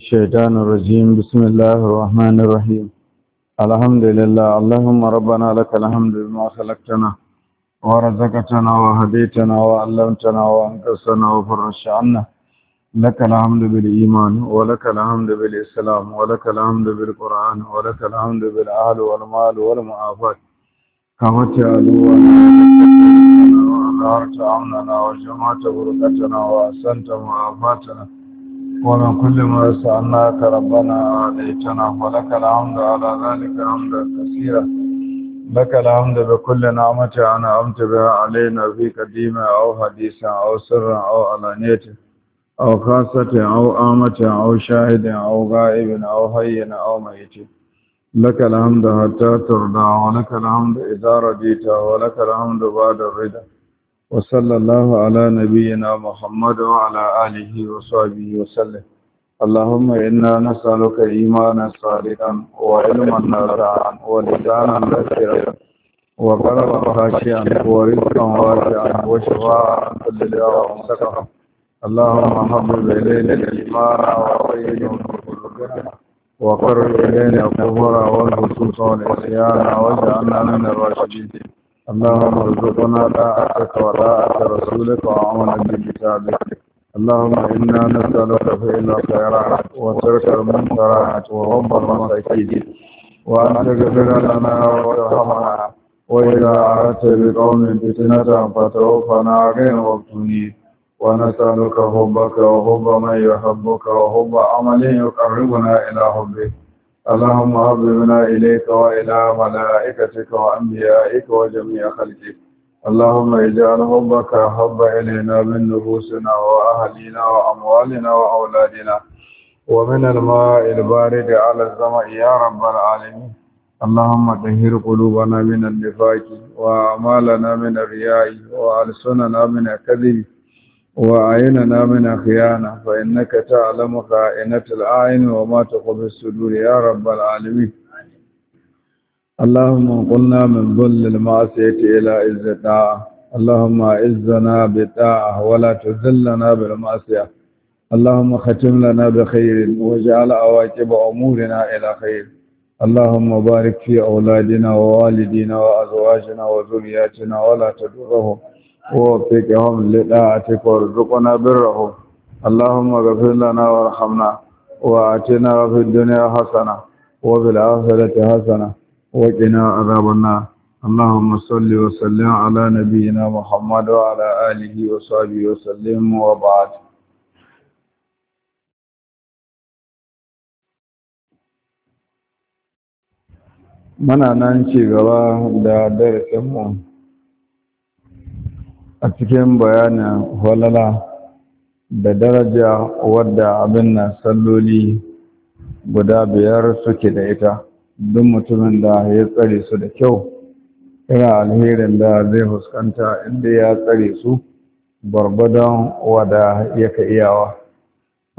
الشيطان الرجيم بسم الله الرحمن الرحيم الحمد لله اللهم ربنا لك الحمد بما خلقتنا ورزقتنا وهديتنا وعلمتنا وانقذتنا وفرجت عنا لك الحمد بالإيمان ولك الحمد بالإسلام ولك الحمد بالقرآن ولك الحمد بالأهل والمال والمعافاة كفت عدونا وأظهرت أمننا وجمعت بركتنا وأحسنت معافاتنا ومن كل ما سألناك ربنا عليتنا ولك الحمد على ذلك حمدا كثيرا لك الحمد بكل نعمة أنعمت بها علينا في قديمة أو حديثة أو سر أو علانية أو خاصة أو آمة أو شاهد أو غائب أو حي أو ميت لك الحمد حتى ترضى ولك الحمد إذا رضيت ولك الحمد بعد الرضا وصلى الله على نبينا محمد وعلى آله وصحبه وسلم اللهم إنا نسألك إيمانا صادقا وعلما نافعا ولسانا ذاكرا وقلبا خاشعا ورزقا واسعا وشفاعا كل دعاء سكرا اللهم حبب إلينا الإيمان وقيده قلوبنا وقرب إلينا الكفر والفسوق والعصيان واجعلنا من الراشدين اللهم ارزقنا طاعتك وطاعة رسولك وعملا بكتابك اللهم إنا نسألك فعل الخيرات وترك المنكرات وغض المساكين وأن تغفر لنا وترحمنا وإذا أردت بقوم فتنة فتوفنا غير مفتونين ونسألك حبك وحب من يحبك وحب عمل يقربنا إلى حبك اللهم حببنا إليك وإلى ملائكتك وأنبيائك وجميع خلقك اللهم اجعل حبك حب إلينا من نفوسنا وأهلنا وأموالنا وأولادنا ومن الماء البارد على السماء يا رب العالمين اللهم طهر قلوبنا من النفاق وأعمالنا من الرياء وألسننا من الكذب وأعيننا من خيانة فإنك تعلم خائنة الأعين وما تخفي الصدور يا رب العالمين اللهم انقلنا من ظل المعصية إلى عز الطاعة اللهم أعزنا بالطاعة ولا تذلنا بالمعصية اللهم ختم لنا بخير واجعل عواقب أمورنا إلى خير اللهم بارك في أولادنا ووالدينا وأزواجنا وذرياتنا ولا تضرهم ووفقهم لطاعتك وارزقنا برهم اللهم اغفر لنا وارحمنا وآتنا في الدنيا حسنة وفي الآخرة حسنة وقنا عذاب النار اللهم صل وسلم على نبينا محمد وعلى آله وصحبه وسلم وبعد muna nan ci gaba da darasinmu a cikin bayanin falala, da daraja wadda abin na salloli guda biyar suke da ita duk mutumin da ya tsare su da kyau ina alherin da zai fuskanta inda ya tsare su barbadan wada yaka iyawa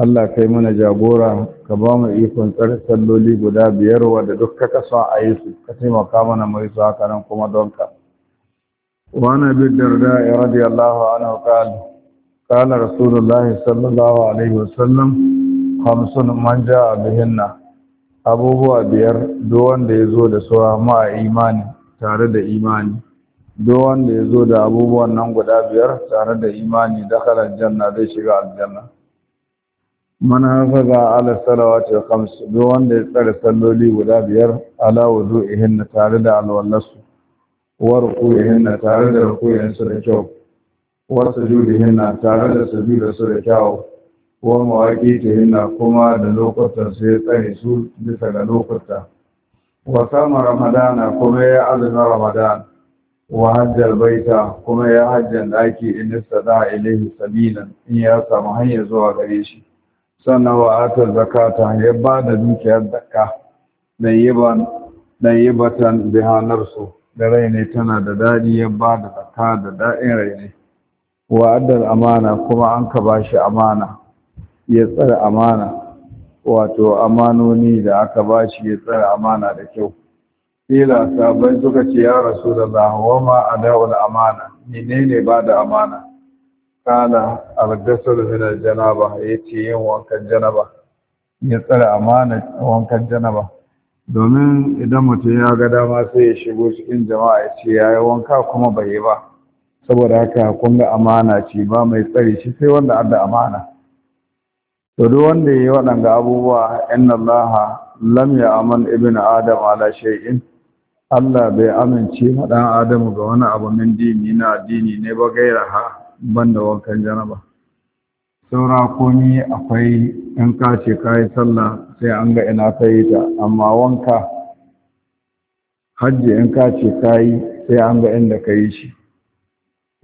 Allah kai mana jagora ka ba mu ikon tsare salloli guda biyar wadda duk ka kasa a yi su ka taimaka mana mai su haka nan kuma don ka وعن ابي الدرداء رضي الله عنه قال قال رسول الله صلى الله عليه وسلم خمس من جاء بهن abubuwa biyar duk wanda ya zo da suwa ma a imani tare da imani duk wanda ya zo da abubuwan nan guda biyar tare da imani dakhala aljanna zai shiga aljanna man hafaza ala salawati khams duk wanda ya tsare salloli guda biyar ala wudu'ihin tare da alwallasu wa ruku'ihin na tare da ruku'in su da kyau wa sujudihin na tare da sujuda su da kyau wa mawaqitihin na kuma da lokutan su ya tsare su bisa ga lokuta wa sama ramadana kuma ya azumi ramadan Wahajar baita kuma ya hajjan daki in istada ilaihi sabilan in ya samu hanyar zuwa gare shi sannan wa atar zakata ya ba da dukiyar zakka dan yibatan bihanarsu da raini tana da daɗi ya ba da zaka da daɗin raini ne wa'addar amana kuma an ka ba shi amana ya tsara amana wato amanoni da aka ba shi ya tsara amana da kyau ila sabai suka ce ya rasu da ma a da'ul amana menene ba da amana kana algasar minar janaba ya ce yin wankan janaba ya tsara amana wankan janaba domin idan mutum ya ga dama sai ya shigo cikin jama'a ya ce ya wanka kuma bai yi ba saboda haka kun ga amana ce ba mai tsari shi sai wanda an da amana to duk wanda ya yi waɗanga abubuwa inna Allah lam ya aman ibn adam ala shay'in Allah bai amince ma dan adam ga wani abu min dini na addini ne ba ha banda wankan janaba saura komi akwai in ka ce kai sallah sai an ga ina ka yi ta amma wanka hajji in ka ce ka yi sai an ga inda ka yi shi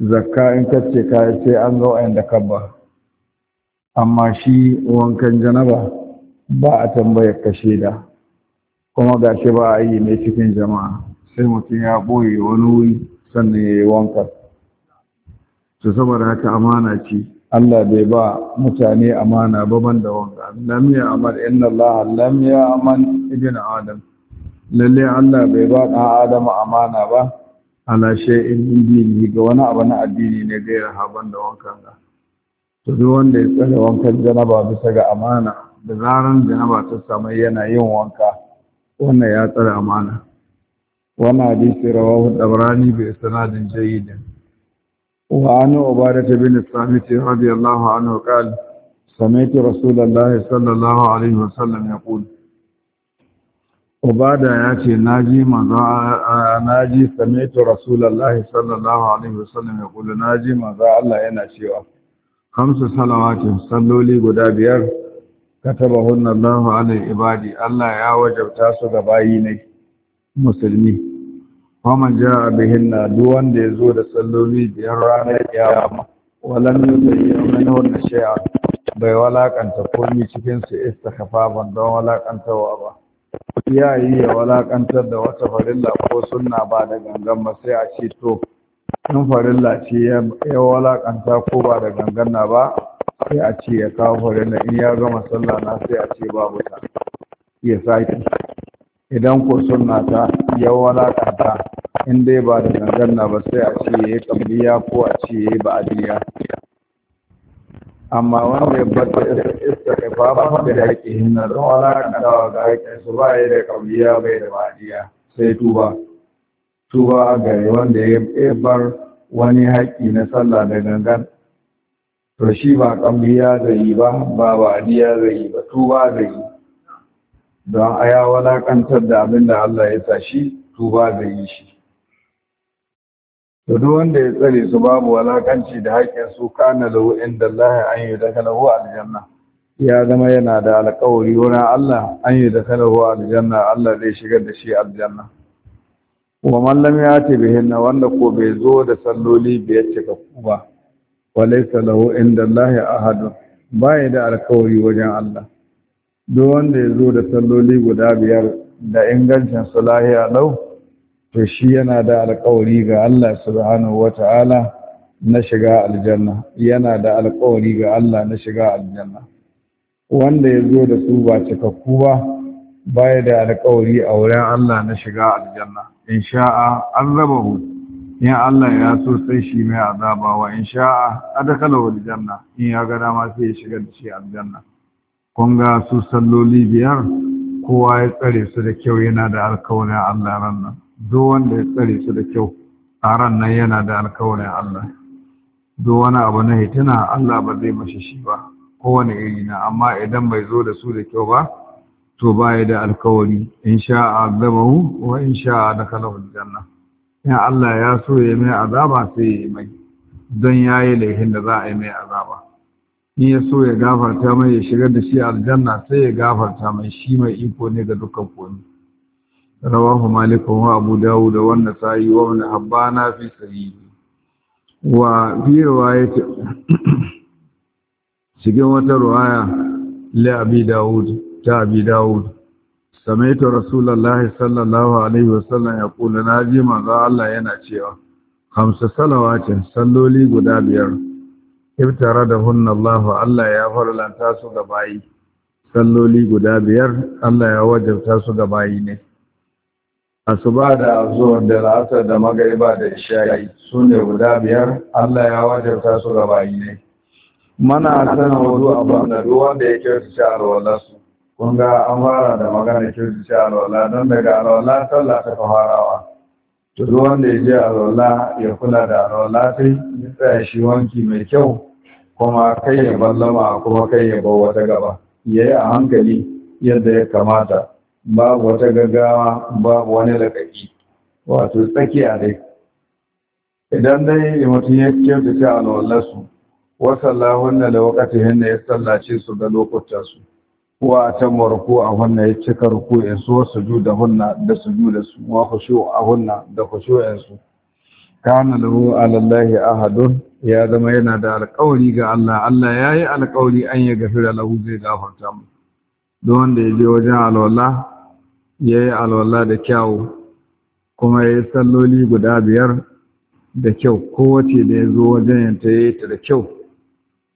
zakka in ka ce ka yi sai an ga wa'anda ka ba amma shi wankan janaba ba a tambayar ka shaida kuma ga shi ba a yi mai cikin jama'a sai mutum ya ɓoye wani wuri sannan ya yi wankan to saboda haka amana ci. Allah bai ba mutane amana ba ban da wanga lam ya amal inna Allah lam ya aman ibn adam lalle Allah bai ba ɗan adam amana ba ala in dini ga wani abu na addini ne ga ya ban da wankan ga to duk wanda ya tsare wankan janaba bisa ga amana da zaran janaba ta samu yana yin wanka wannan ya tsare amana wannan hadisi rawahu dabrani bi sanadin jayyidin وعن عبادة بن الصامت رضي الله عنه قال سمعت رسول الله صلى الله عليه وسلم يقول عبادة ياتي ناجي مزا ناجي سمعت رسول الله صلى الله عليه وسلم يقول ناجي مزا الله yana cewa خمس صلوات صلولي guda biyar katabahunna Allahu ala ibadi Allah ya wajabta su ga bayi ne musulmi faman ja bihinna duk wanda ya zo da salloli biyar ranar kiyama walam yusayyi minhu shay'a bai walakanta komai cikin su istighfaban don walakantawa ba ya yi ya walakantar da wata farilla ko sunna ba da gangan ba sai a ce to in farilla ce ya walakanta ko ba da gangan na ba sai a ce ya kawo farilla in ya gama sallah na sai a ce babu ta ya sake idan ko sunna ta ya walakanta in dai ba da ganganna ba sai a ce ya yi kambiya ko a ce ya yi ba'adiyya amma wanda ya bata ba da yake hinna don walakantawa ga haƙƙin su ba ya da kambiya bai da ba'adiyya sai tuba tuba gare wanda ya bar wani haƙƙi na sallah da gangan to shi ba kambiya zai yi ba ba ba'adiyya zai yi ba tuba zai yi don a ya walakantar da abin da Allah ya sa shi tuba da yi shi to wanda ya tsare su babu walakanci da haƙƙin su kana lahu inda Allah an yi dakalahu aljanna ya zama yana da alƙawari wani Allah an yi dakalahu aljanna Allah zai shigar da shi aljanna wa Mallam ya ce yati hinna wanda ko bai zo da salloli bai yace ka ku ba walaysa lahu inda Allah ahadun bai da alƙawari wajen Allah duk wanda ya zo da salloli guda biyar da ingancin su lahiya lau to shi yana da alkawari ga Allah subhanahu wata'ala na shiga aljanna yana da alkawari ga Allah na shiga aljanna wanda ya zo da su ba cikakku ba baya da alkawari a wurin Allah na shiga aljanna in sha'a an raba hu in Allah ya so sai shi mai azabawa, wa in sha'a adakalahu aljanna in ya ga dama sai ya shiga da shi aljanna kun su salloli biyar kowa ya tsare su da kyau yana da alkawarin Allah ran nan duk wanda ya tsare su da kyau a ran nan yana da alkawarin Allah duk wani abu na hitina Allah ba zai mashi shi ba kowane iri na amma idan bai zo da su da kyau ba to ba ya da alkawari in sha azabahu wa in sha dakhalahu aljanna in Allah ya so ya mai azaba sai ya mai don yayi laifin da za a yi mai azaba in ya so ya gafarta mai ya shigar da shi aljanna sai ya gafarta mai shi mai iko ne ga dukkan komi rawahu malikun wa abu da wa an yi. wa ibn na fi sahih wa ya ce cikin wata ruwaya li abi dawud ta abi dawud samaitu rasulullahi sallallahu alaihi wasallam ya kula ji manzo Allah yana cewa hamsa salawatin salloli guda biyar ibtara da hunna Allah Allah ya farlanta su ga bayi salloli guda biyar Allah ya wajabta su ga bayi ne asuba da azuwa da la'asar da magariba da isha'i su ne guda biyar Allah ya wajabta su ga bayi ne mana sana wudu a banda ruwan da ya kyautata alwala su kun ga an fara da magana kyautata alwala don daga alwala sallah ta farawa to duk wanda ya je alwala ya kula da alwala sai ya tsaya shi wanki mai kyau kuma kai ya ballama kuma kai ya bar wata gaba ya yi a hankali yadda ya kamata babu wata gaggawa babu wani lakaki wato tsakiya dai idan dai mutum ya kyautata su wasu allahun da lokacin da ya sallace su ga lokutansu wa ta marku a hunna ya cika ruku ya so da hunna da da su wa khushu a hunna da khushu'in su kana da ala allahi ahadun ya zama yana da alkawari ga Allah Allah ya yi alƙawari an ya gafira lahu zai gafarta mu don wanda ya je wajen alwala ya yi alwala da kyawu kuma ya yi salloli guda biyar da kyau kowace da ya zo wajen yanta ya yi ta da kyau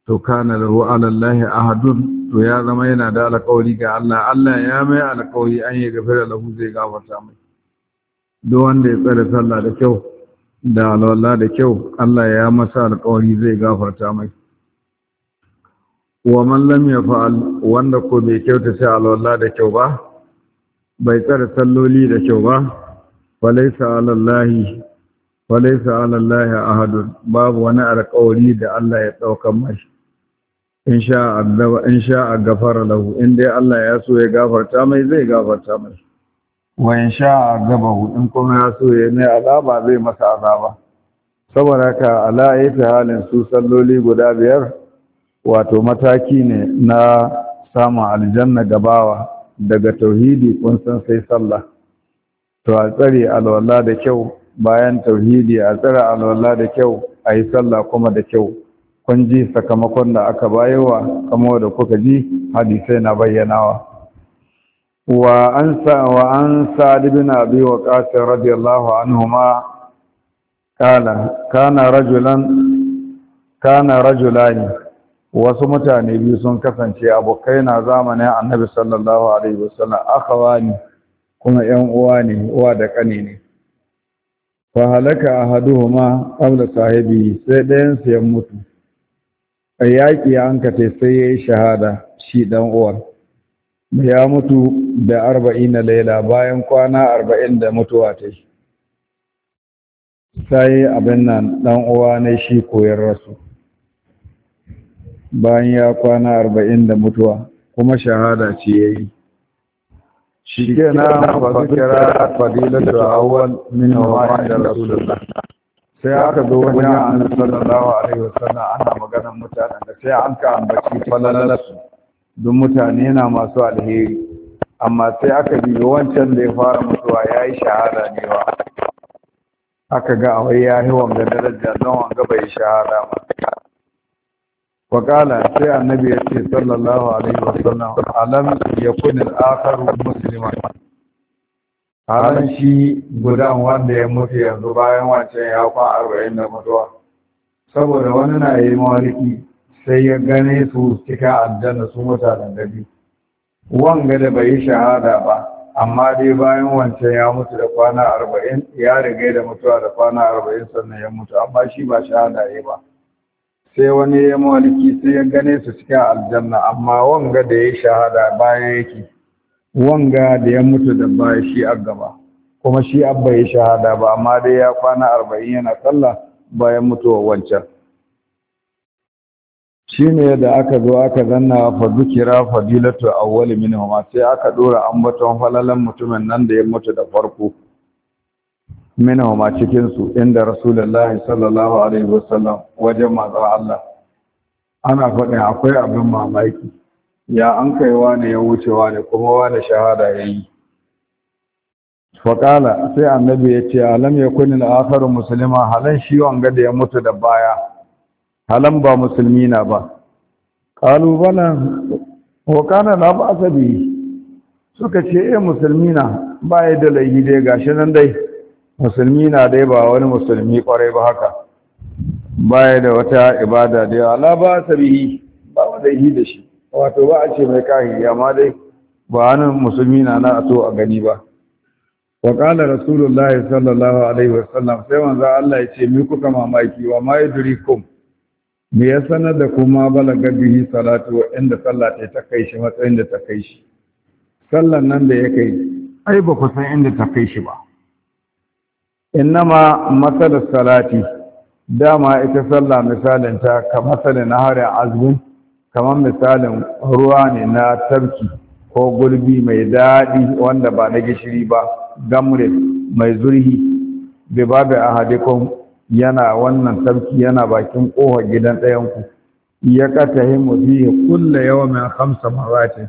to kana da ruwa allahi ahadun to ya zama yana da alƙawari ga Allah Allah ya mai alƙawari an yi gafara lahu zai gafarta mai duk wanda ya tsare sallah da kyau da alwala da kyau Allah ya masa alƙawari zai gafarta mai wa man lam yafa'al wanda ko bai kyauta sai alwala da kyau ba bai tsare salloli da kyau ba walaysa alallahi walaysa alallahi ahadun babu wani alƙawari da Allah ya dauka mai in sha a gafara lahu in dai Allah ya so ya gafarta mai zai gafarta mai wa in sha a gabahu in kuma ya so ya mai azaba zai masa azaba saboda haka, ala yi halin su salloli guda biyar wato mataki ne na samun aljanna gabawa daga tauhidi kun san sai sallah to a tsare alwala da kyau bayan tauhidi a tsare alwala da kyau a yi sallah kuma da kyau kun ji sakamakon da aka bayowa kamar da kuka ji hadisai na bayyanawa wa an sa wa an sa'd ibn abi waqas radiyallahu anhuma kana kana rajulan kana rajulani wasu mutane biyu sun kasance abokai na zamanin annabi sallallahu alaihi wasallam akhawani kuma ‘yan uwa ne, uwa da ƙani ne. Fa halaka a haduhu ma, sahibi sai ɗayan ya mutu, a yaƙi ya hankata sai ya yi shahada shi ɗan uwar. ya mutu da arba'in na laila bayan kwana arba'in da mutuwa ta yi sai abin nan ɗan uwa ne shi koyar rasu bayan ya kwana arba'in da mutuwa kuma shahada ce ya yi shi ke na fasikira fadilar da awon min hawa da rasulullah sai aka zo wani annabi sallallahu alaihi wasallam ana maganar mutanen da sai an ka ambaci falalarsu duk mutane na masu alheri amma sai aka biyo wancan da ya fara mutuwa ya yi shahada ne wa aka ga a wai ya yi wanga daraja don wanga bai shahada ba wakala sai annabi ya ce sallallahu alaihi wasallam alam ya kunin akar musulman halin shi gudan wanda ya mutu yanzu bayan wancan ya kwan arba'in da mutuwa saboda wani na yi mawariki sai ya gane su cika aljanna su mutanen da biyu wanga da bai yi shahada ba amma dai bayan wancan ya mutu da kwana arba'in ya riga da mutuwa da kwana arba'in sannan ya mutu amma shi ba shahada ya ba sai wani ya mawariki sai ya gane su cikin aljanna amma wanga da ya yi shahada bayan yake wanga da ya mutu da baya shi a gaba kuma shi abba ya shahada ba amma dai ya kwana arba'in yana sallah bayan mutuwar wancan Shi ne da aka zo aka zanna fa dilatu fadilatu min huma sai aka dora ambaton falalan mutumin nan da ya mutu da farko huma cikin su inda rasulullahi sallallahu alaihi wasallam wajen manzon Allah ana faɗin akwai abin mamaki ya an kai wane ya wuce wane kuma wane shahada ya yi faƙala sai annabi ya ce alam ya kuni la'akarin musulma halan shi wanga da ya mutu da baya halan ba musulmi na ba Ƙalubalen bala na ba biyu. suka ce e musulmi na ba ya da laihi dai gashi nan dai musulmi na dai ba wani musulmi kwarai ba haka ba ya da wata ibada da yawa la ba biyu ba wa laihi da shi wato ba a ce mai ya, ma dai ba hannun musulmi na na so a gani ba wa qala rasulullah sallallahu alaihi wa sallam sai manzo Allah ya ce mi kuka mamaki wa ma yudrikum me ya sanar da kuma balaga bihi salatu wa inda sallah ta kai shi matsayin da ta kai shi sallan nan da ya kai ai ba ku san inda ta kai shi ba innama masalar salati dama ita sallah misalin ta ka masalin harin azumin kamar misalin ruwa ne na tarki ko gulbi mai daɗi wanda ba na gishiri ba gamrin mai zurhi bai a hadikon yana wannan tarki yana bakin ƙofar gidan ɗayanku ya kata himu ya kulle yawan hamsa maratin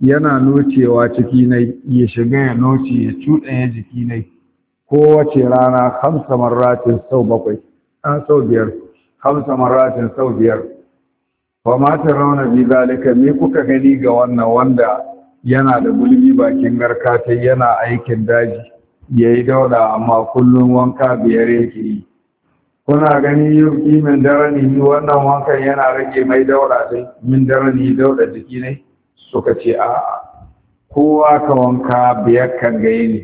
yana nocewa ciki ya shiga ya noce ya ya jiki nai kowace rana hamsa maratin sau bakwai an sau biyar hamsa maratin sau biyar fa ma rauna bi zalika me kuka gani ga wannan wanda yana da gulbi bakin garkata yana aikin daji yayi dauda amma kullum wanka biyar yake yi kuna gani yuki min darani wannan wankan yana rage mai daura sai min darani dauda jiki ne suka ce a kowa ka wanka biyar kan gaye ne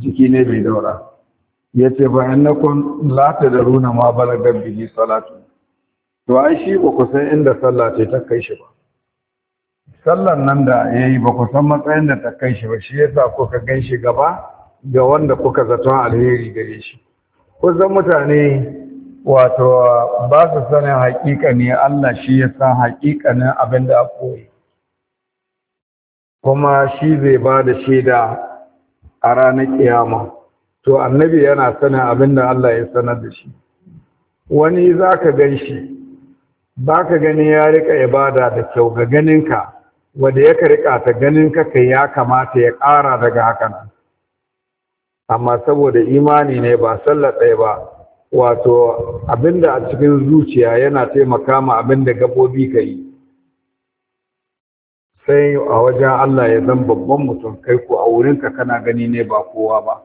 jiki ne bai daura ya ce bayan na kun lata da runa ma balagar bihi salatu to ai shi ba ku inda sallah ce ta kai shi ba sallan nan da yayi yi ba ku matsayin da ta kai shi ba shi yasa kuka gan shi gaba ga wanda kuka zato alheri gare shi kusan mutane wato ba su sanin hakika ne Allah shi ya san hakikanin abin da koyi kuma shi zai ba da shaida a ranar kiyama to annabi yana sanin abinda Allah ya sanar da shi wani za ka gan shi ba ka gani ya rika ibada da kyau ga ganinka wadda ya ka rika ta ganinka kai ya kamata ya ƙara daga hakan. amma saboda imani ne ba sallar ɗaya ba wato abinda a cikin zuciya yana taimaka ma abinda gabobi ka yi sai a wajen Allah ya zan babban mutum kai ko a wurinka kana gani ne ba kowa ba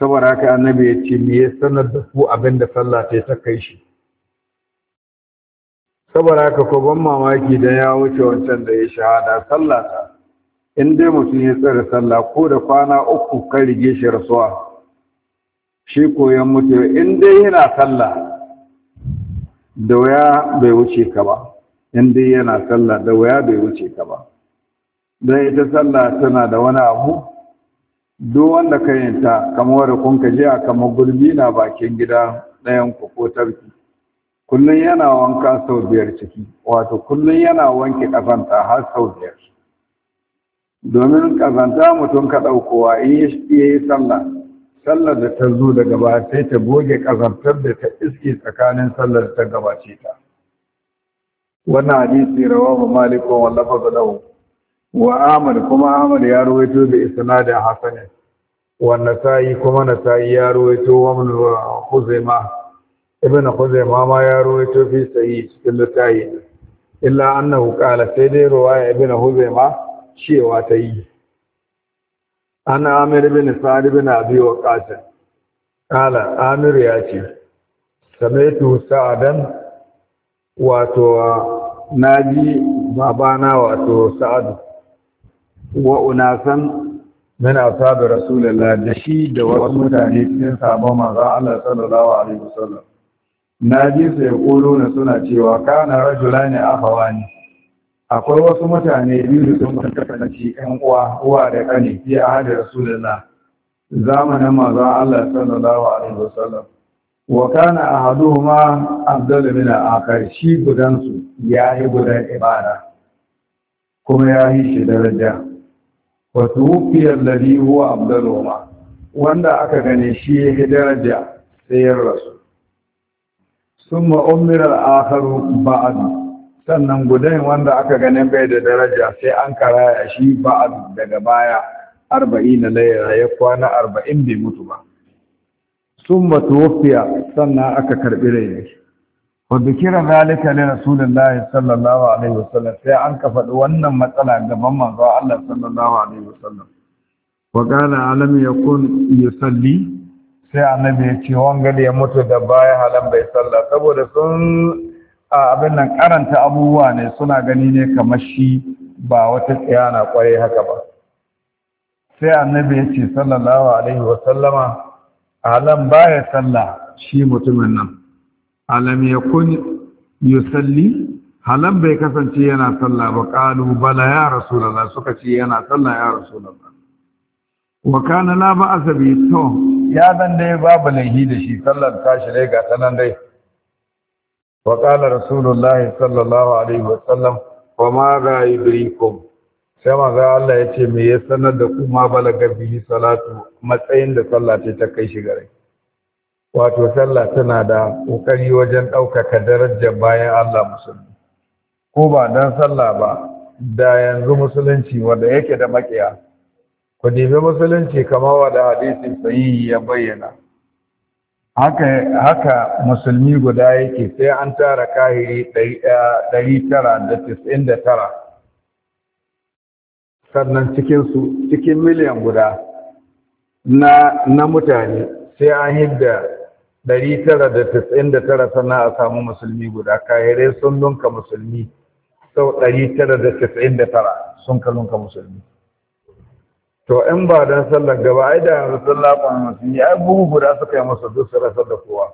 saboda haka annabi ya ce me ya sanar da ku abinda sallah ta kai shi saboda haka ko ban mamaki dan ya wuce wancan da ya shahada sallah ta in dai mutum ya tsare sallah ko da kwana uku kan rige shi rasuwa shi koyan mutu in dai yana sallah da waya bai wuce ka ba in dai yana sallah da waya bai wuce ka ba dan ita sallah tana da wani abu duk wanda ka kamar wadda kun ka je a kamar gurbi na bakin gida ɗayan ku ko tarki kullum yana wanka sau biyar ciki wato kullum yana wanke ƙazanta har sau biyar domin ƙazanta mutum ka ɗaukowa in ya yi sallah sallar da ta zo daga ba sai ta goge ƙazantar da ta iske tsakanin sallar ta gabace ta wannan hadisi ba malik wa ba dawo. wa Ahmad kuma Ahmad ya rawaito da isnadin hasanin wa Nasa'i kuma nasayi ya rawaito wa Ibn ma. ibn khuzaimah ma ya rawaito fi sahih cikin littafi illa annahu qala sai dai ruwaya ibn ma cewa ta yi ana amir ibn sa'd ibn abi waqas qala amir ya ce samaitu sa'adan wato naji babana wato sa'adu wa unasan min ashabi rasulullah da shi da wasu mutane cikin sabon manzo Allah sallallahu alaihi wasallam na ji su ya ƙolo na suna cewa kana rajula ne hawa ne akwai wasu mutane biyu da sun ci ƴan uwa uwa da ƙani, fi a hada rasulullah zamanin manzon Allah sallallahu alaihi wasallam wa kana ahaduhuma afdalu min al-akhar shi gudan su yayi gudan ibada kuma yayi shi daraja wa tuwfi alladhi huwa afdaluhuma wanda aka gane shi yayi daraja sai ya rasu sun ma'umirar akaru ba'adu sannan gudan wanda aka ganin bai da daraja sai an karaya shi ba'adu daga baya arba'in na laira ya kwana arba'in bai mutu ba sun matuwafiya sannan aka karɓi rai ne wadda kira zalika ne rasulullahi sallallahu alaihi wasallam sai an ka faɗi wannan matsala gaban manzo Allah sallallahu alaihi wasallam wa kana alam yakun yusalli sai annabi ya ce wanga ya mutu da baya halan bai sallah saboda sun abin nan karanta abubuwa ne suna gani ne kamar shi ba wata tsiyana kwarai haka ba sai annabi ya ce sallallahu alaihi wa sallama alam baya sallah shi mutumin nan alam yakun yusalli halan bai kasance yana sallah ba kalu bala ya rasulullah suka ce yana sallah ya rasulullah wa kana la ba'sa bi to ya zan dai babu laihi da shi sallar tashi dai ga tanan dai wa qala rasulullahi sallallahu alaihi wa sallam wa ma ga yudrikum sai za Allah ya ce me ya sanar da ku ma balaga bihi salatu matsayin da sallah ce ta kai shi gare wato sallah tana da ƙoƙari wajen ɗaukaka darajar bayan Allah musulmi ko ba dan sallah ba da yanzu musulunci wanda yake da makiya ku dibi musulunci kamar wadda hadisin sahihi ya bayyana haka haka musulmi guda yake sai an tara kahiri 999 sannan cikinsu cikin miliyan guda na na mutane sai an hidda 999 sannan a samu musulmi guda kahirai sun lunka musulmi sau 999 sun ka lunka musulmi to in ba dan sallar gaba ai da yanzu sallah kwan sun yi ai bugu guda suka yi masa duk su rasa da kowa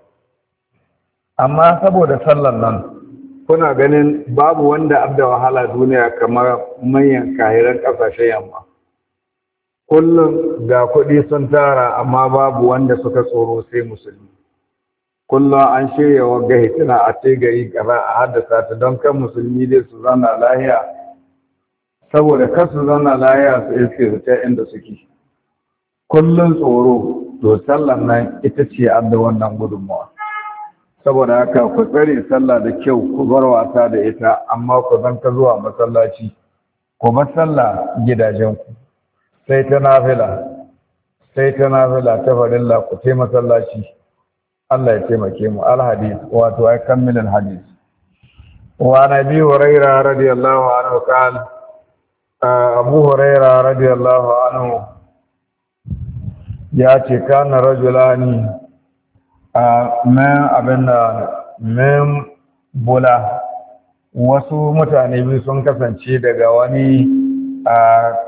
amma saboda sallar nan kuna ganin babu wanda abda wahala duniya kamar manyan kahiran kasashen yamma kullum ga kuɗi sun tara amma babu wanda suka tsoro sai musulmi kullum an shirya wagga hitina a tegari gari a haddasa ta don kan musulmi dai su zana lahiya saboda kasu zana zauna laya su iske su ta inda suke Kullum tsoro to sallan nan ita ce adda wannan gudunmawa saboda haka ku tsare sallah da kyau ku bar wasa da ita amma ku zan ka zuwa masallaci ku bar sallah gidajenku sai ta nafila sai ta nafila ta farilla ku ce masallaci Allah ya taimake mu alhadis wato ai kammilin hadis wa nabi hurairah radiyallahu anhu qala abu huraira radiyallahu anhu ya ce kana rajulani a min abinda bula wasu mutane biyu sun kasance daga wani a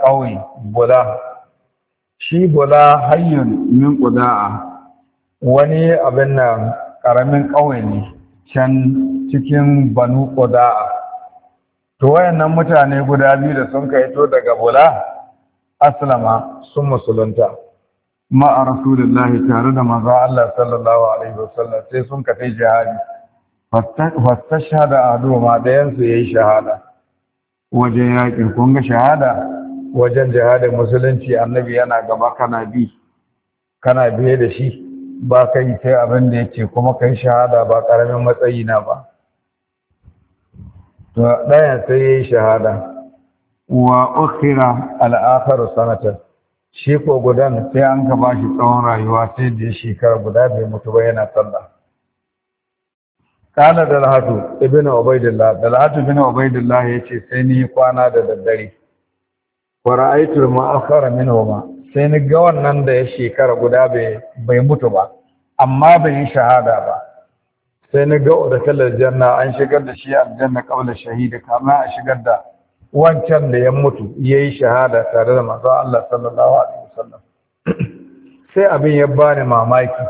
ƙauye bula shi bula hanyar min ƙuda'a wani abin nan ƙaramin ƙauye ne can cikin banu ƙuda'a to wayannan mutane guda biyu da sun kai to daga bula aslama sun musulunta ma'a rasulullahi tare da maza Allah sallallahu alaihi wasallam sai sun kai jihadi fastashhada ma dayan su yayi shahada wajen yakin kun ga shahada wajen jihadin musulunci annabi yana gaba kana bi kana biye da shi ba kai sai abin da yake kuma kai shahada ba karamin matsayi na ba ɗaya sai ya yi shahada wa ukhira al'akharu sanata shi ko gudan sai an ka ba shi tsawon rayuwa sai da shekara guda bai mutu ba yana sallah kana dalhatu ibnu ubaidillah dalhatu ibnu ubaidillah yace sai ni kwana da daddare wa ra'aytu ma'akhara minhuma sai ni ga wannan da ya shekara guda bai mutu ba amma bai yi shahada ba sai na ga da kallar janna an shigar da shi aljanna kaula shahida kama a shigar da wancan da ya mutu ya yi shahada tare da manzo Allah sallallahu alaihi wasallam sai abin ya bani mamaki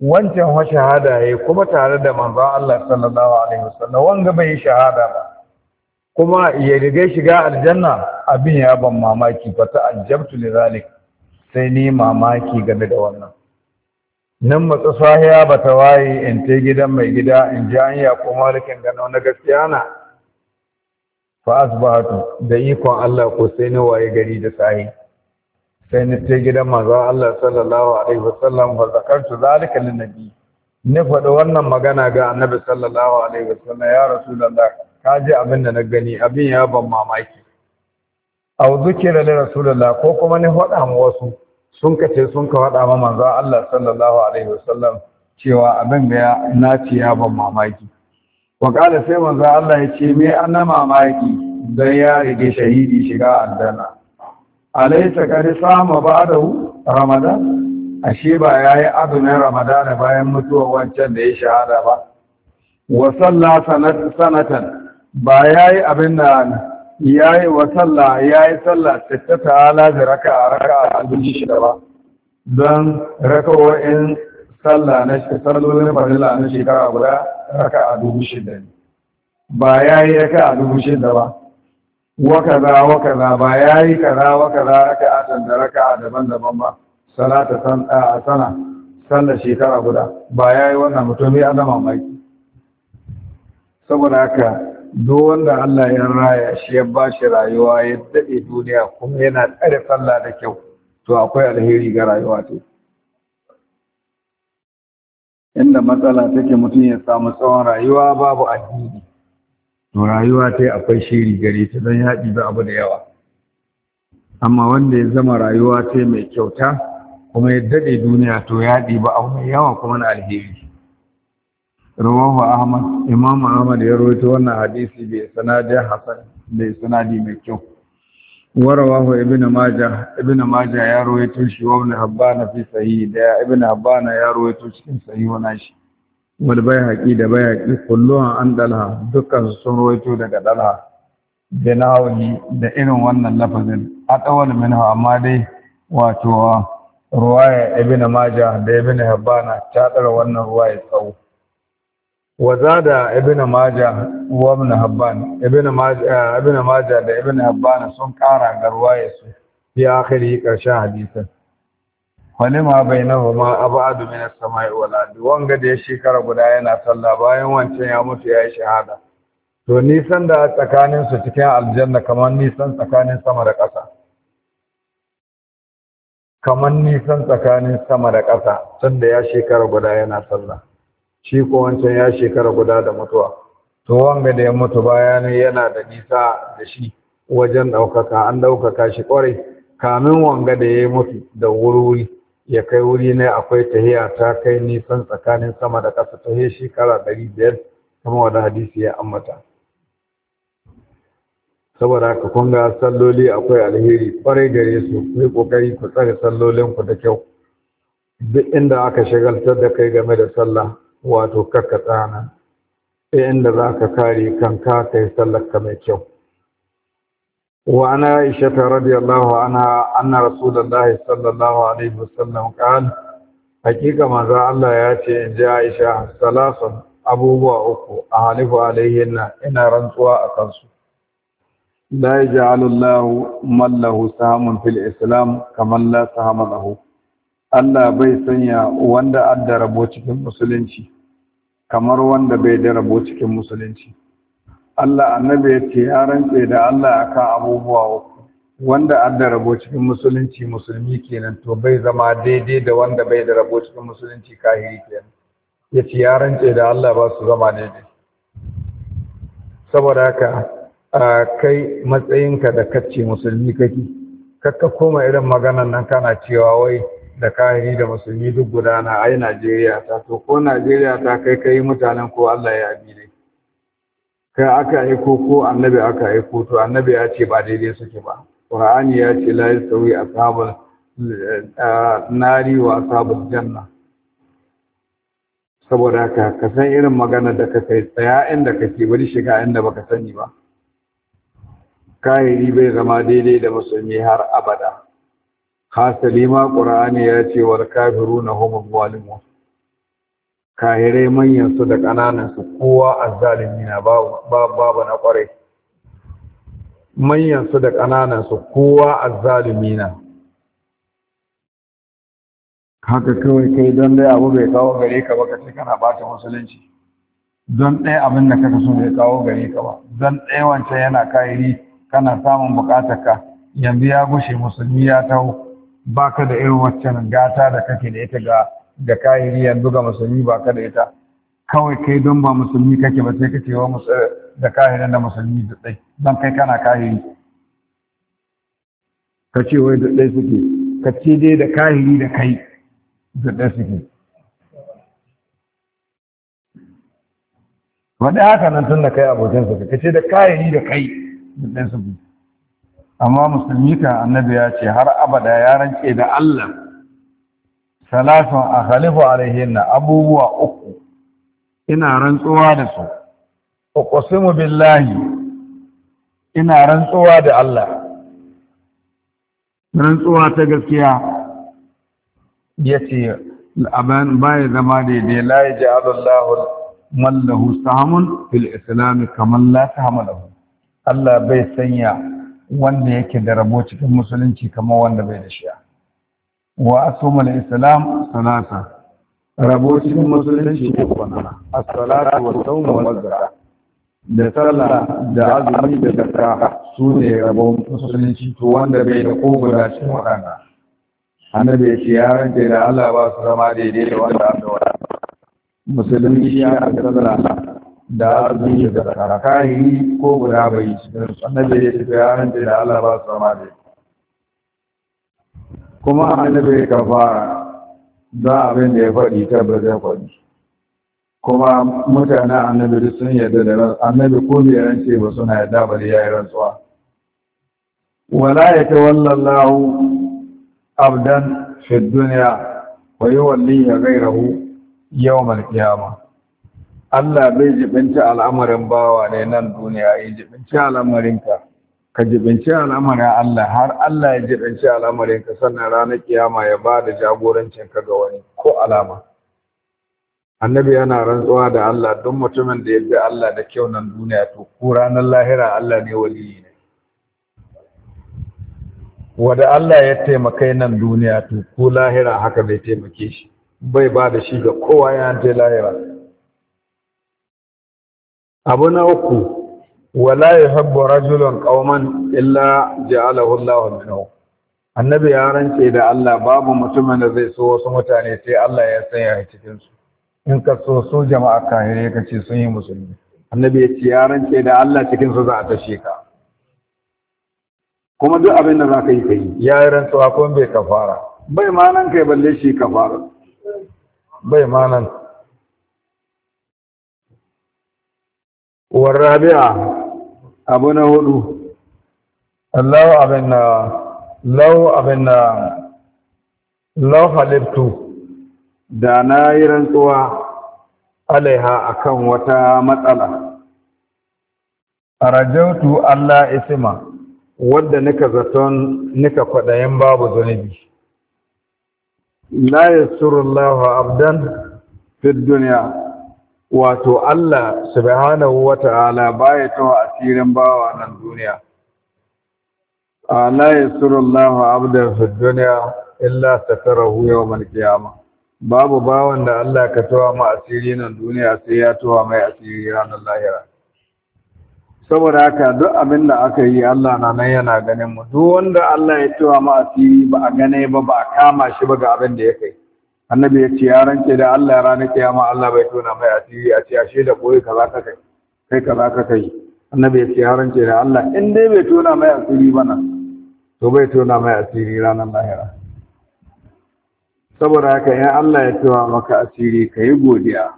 wancan wa shahada yi kuma tare da manzo Allah sallallahu alaihi wasallam wanga bai shahada ba kuma ya riga shiga aljanna abin ya ban mamaki fa ta ajabtu li sai ni mamaki game da wannan nan matsa sahiya ba ta waye in ta gidan mai gida in ji an ko malikin gano na gaskiya na fa asbahatu da ikon Allah ko sai na waye gari da sahi sai ni ta gidan manzo Allah sallallahu alaihi wasallam fa zakartu zalika lin nabi ni faɗi wannan magana ga annabi sallallahu alaihi wasallam ya rasulullah ka ji abin da na gani abin ya ban mamaki au zikira li rasulullah ko kuma ni faɗa mu wasu sun kace sun ka faɗa ma manzo Allah sallallahu alaihi wasallam cewa abin ya na ya ban mamaki wa sai manzo Allah ya ce me an mamaki dan ya rige shahidi shiga aljanna alaysa qad sama ba'dahu ramadan ashe ba yayi yi azumin ramadana bayan mutuwa wancan da ya shahada ba wa sallata sanatan ba yayi yi abin da ya yi wa sallah ya yi sallah tattata ta'ala da raka a raka a abinci shida ba don raka in sallah na sallolin farilla na shekara guda raka a dubu shida ne ba ya yi raka a dubu shida ba wakaza wakaza ba ya yi kaza wakaza raka a can da raka a daban-daban ba salata a sana sallar shekara guda ba ya yi wannan mutum ya zama mai saboda haka duk wanda Allah ya raya shi ya ba shi rayuwa ya daɗe duniya kuma yana tsare sallah da kyau to akwai alheri ga rayuwa ce inda matsala take mutum ya samu tsawon rayuwa babu addini to rayuwa ta akwai shiri gare ta don yaƙi da abu da yawa amma wanda ya zama rayuwa ta mai kyauta kuma ya daɗe duniya to yaɗi ba abu mai yawa kuma na alheri rawahu ahmad imam ahmad ya rawaito wannan hadisi bi sanadi hasan da sanadi mai kyau wa rawahu ibn majah ibn majah ya rawaito shi wa ibn habban fi sahih da ibn habban ya rawaito cikin sahih wannan shi wal bayhaqi da bayhaqi kulluhan an dalha dukkan sun rawaito daga dalha da nawawi da irin wannan lafazin atawal minhu amma dai wato ruwaya ibn majah da ibn habban ta dara wannan ruwaya tsawo Waza da ماجه وابن حبان ابن ماجه ابن ماجه da ibn habban sun kara garwaye su ya akhiri karshen hadisin walima bainahuma abadu min as-sama'i wal ardi wanga da guda yana sallah bayan wancan ya mutu ya shahada to nisan da tsakanin cikin aljanna kamar nisan tsakanin sama da ƙasa sanda ya shekara guda yana sallah shi ko wancan ya shekara guda da mutuwa to wanga da ya mutu bayan yana da nisa da shi wajen ɗaukaka an ɗaukaka shi ƙwarai kamin wanga da ya mutu da wuri ya kai wuri ne akwai tahiya ta kai nisan tsakanin sama da ƙasa tahiya shekara ɗari biyar kuma wani hadisi ya ambata saboda haka kun ga salloli akwai alheri kwarai gare su ku yi kokari ku tsare sallolinku da kyau duk inda aka shagaltar da kai game da sallah wato kaka tsana sai inda za ka kare kanka ka yi sallarka mai kyau wa ana aisha ta radiyallahu anha anna rasulullahi sallallahu alaihi wasallam qal hakika manzo Allah ya ce in ji Aisha salasun abubuwa uku a halifu na, ina rantsuwa a kansu la yaj'alullahu man mallahu sahamun fil islam kamar la sahama lahu Allah bai sanya wanda an da rabo cikin musulunci kamar wanda bai da rabo cikin musulunci Allah annabi ya ce ya rantse da Allah akan abubuwa uku wanda an da rabo cikin musulunci musulmi kenan to bai zama daidai da wanda bai da rabo cikin musulunci kahiri kenan ya ce ya rantse da Allah ba su zama daidai saboda haka kai matsayinka da kacce musulmi kake kakka koma irin maganan nan kana cewa wai da kahiri da musulmi duk gudana ai Najeriya ta to ko Najeriya ta kai kai mutanen ko Allah ya bi ne kai aka aiko ko annabi aka aiko to annabi ya ce ba daidai suke ba Qur'ani ya ce la a ashabul eh, nari wa ashabul janna saboda ka san irin magana da ka kai tsaya inda kake bari shiga inda baka sani ba kahiri bai zama daidai da musulmi har abada hasali ma qur'ani ya ce wal kafiruna humuz zalimun kahirai manyan su da ƙananan su kowa azzalimi na babu na ƙwarai manyan su da ƙananan su kowa azzalimi na haka kawai kai don dai abu bai kawo gare ka ba ka ce kana ta musulunci don ɗaya abin da kaka so bai kawo gare ka ba don ɗaya wancan yana kayiri kana samun buƙatar ka yanzu ya gushe musulmi ya taho Ba ka da irin waccan gata da kake da ita ga da kayayyaki yanzu ga musulmi ka da ita kawai kai don ba musulmi kake ba sai kace wa eh, da kayayyaki da musulmi da dai don kai kana kayayyaki ka ce wai da dai suke ka ce dai da kayayyaki da kai da dai suke wadda haka nan tun da kai abokinsa ka ce da kayayyaki da kai da dai suke amma musulmi kan annabi ya ce har abada ya rance da Allah salasun a khalifu alaihinna abubuwa uku ina rantsuwa da su uqsimu billahi ina rantsuwa da Allah rantsuwa ta gaskiya yace aban baya zama daidai la yaj'alullahu man lahu sahamun fil islam kamar la sahama Allah bai sanya wanda yake da rabo cikin musulunci kamar wanda bai da shiya wa asumul islam salasa rabo cikin musulunci ne kwanana as-salatu wa sawmu wa da sallah da azumi da zakka su ne rabo musulunci to wanda bai da ko guda cikin wadanda annabi ya ce yaran da Allah ba su zama daidai da wanda aka wada musulunci ya ga sallah da azumi da zakka ko guda bai shi annabi ya tafi yaran da Allah ba su ma dai kuma annabi ya kafara za abin da ya faɗi tabbas ya faɗi kuma mutane annabi sun yarda da annabi ko bai rance ba suna yarda ba ya yi rantsuwa wala ya tawallallahu abdan fi dunya wa yuwalli ghayrahu gairahu yawmal qiyamah Allah bai jibinci al'amarin bawa ne nan duniya ya jibinci al'amarinka ka jibinci al'amarin Allah har Allah ya jibinci al'amarinka sannan ranar kiyama ya ba da jagorancin ka ga wani ko alama annabi yana rantsuwa da Allah don mutumin da ya bi Allah da kyau nan duniya to ko ranar lahira Allah ne waliyi ne wada Allah ya taimaka nan duniya to ko lahira haka bai taimake shi bai ba da shi ga kowa ya hantar lahira abu na uku wala ya yuhibbu rajulun kauman illa ja'alahu Allahu minhu annabi ya rance da Allah babu mutumin da zai so wasu mutane sai Allah ya sanya a cikin su in ka so so jama'a kahire ka ce sun yi musulmi annabi ya ce ya rance da Allah cikin su za a tashe ka kuma duk abin da za ka yi kai ya yi rantsuwa kuma bai kafara bai ma nan kai balle shi kafara bai ma nan warrabi'a abu na hudu Allahu abin na lau abin na lau halittu da na yi rantsuwa alaiha akan wata matsala a rajautu Allah isima wadda nika zaton nika kwaɗayen babu zunubi la yasurullahu abdan fi duniya wato Allah subhanahu wa ta'ala baya tawa asirin bawa nan duniya la yasurullahu abdan fi dunya illa satarahu yawmal qiyamah babu bawan da Allah ka tawa ma asiri nan duniya sai ya tawa mai asiri ranar lahira saboda haka duk abin da aka yi Allah na nan yana ganin mu duk wanda Allah ya tawa ma asiri ba a gane ba ba a kama shi ba ga abin da ya kai annabi ya ce ya rance da Allah ya ranar kiyama Allah bai tona mai asiri a ce ashe da boye kaza ka kai kai kaza ka kai annabi ya ce ya rance da Allah in dai bai tona mai asiri bana to bai tona mai asiri ranar lahira saboda haka in Allah ya tona maka asiri ka yi godiya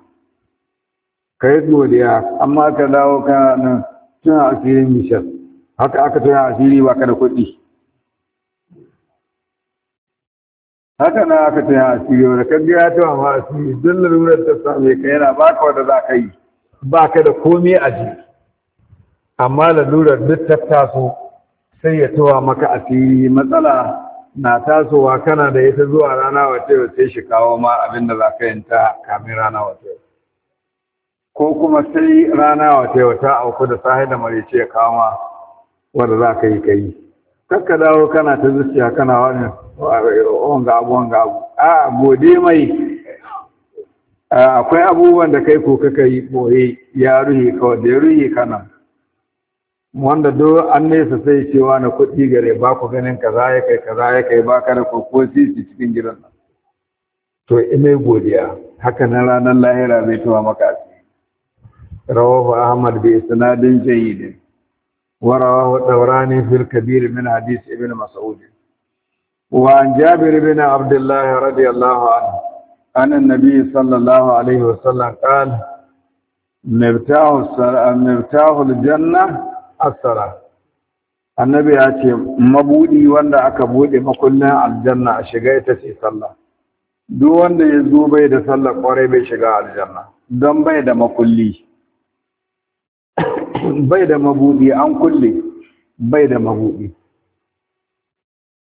ka yi godiya amma ka dawo ka nan tuna asirin mishal haka aka tuna asiri ba ka da kuɗi haka na aka tuna asiri wani kan biya ta asiri don lalurar ta same ka yana ba ka wanda za ka yi ba ka da komai a ji amma lalurar duk ta taso sai ya tawa maka asiri matsala na tasowa kana da ita zuwa rana wace wace shi kawo ma abin da za ka yi ta kamin rana wace ko kuma sai rana wace wata auku da sahi da mare ya kawo ma wanda za ka yi ka yi kakka dawo kana ta zuciya kana wani wanga abu wanga abu a gode mai akwai abubuwan da kai ko kaka yi boye ya ruhe kawai da ya ruhe kana wanda do an nesa sai cewa na kuɗi gare ba ku ganin kaza ya kai kaza ya kai ba ka da kwakwasi su cikin gidan nan to ina godiya haka na ranar lahira zai tuwa maka asiri rawahu ahmad bi isnadin jayyidin ورواه الدوراني في الكبير من حديث ابن مسعود وعن جابر بن عبد الله رضي الله عنه أن النبي صلى الله عليه وسلم قال مفتاح الجنة الصلاة annabi ya ce mabudi wanda aka buɗe makullin aljanna a shiga ita ce sallah duk wanda ya zo bai da sallar kwarai bai shiga aljanna don bai da makulli bai da mabuɗi, an kulle bai da mabuɗi.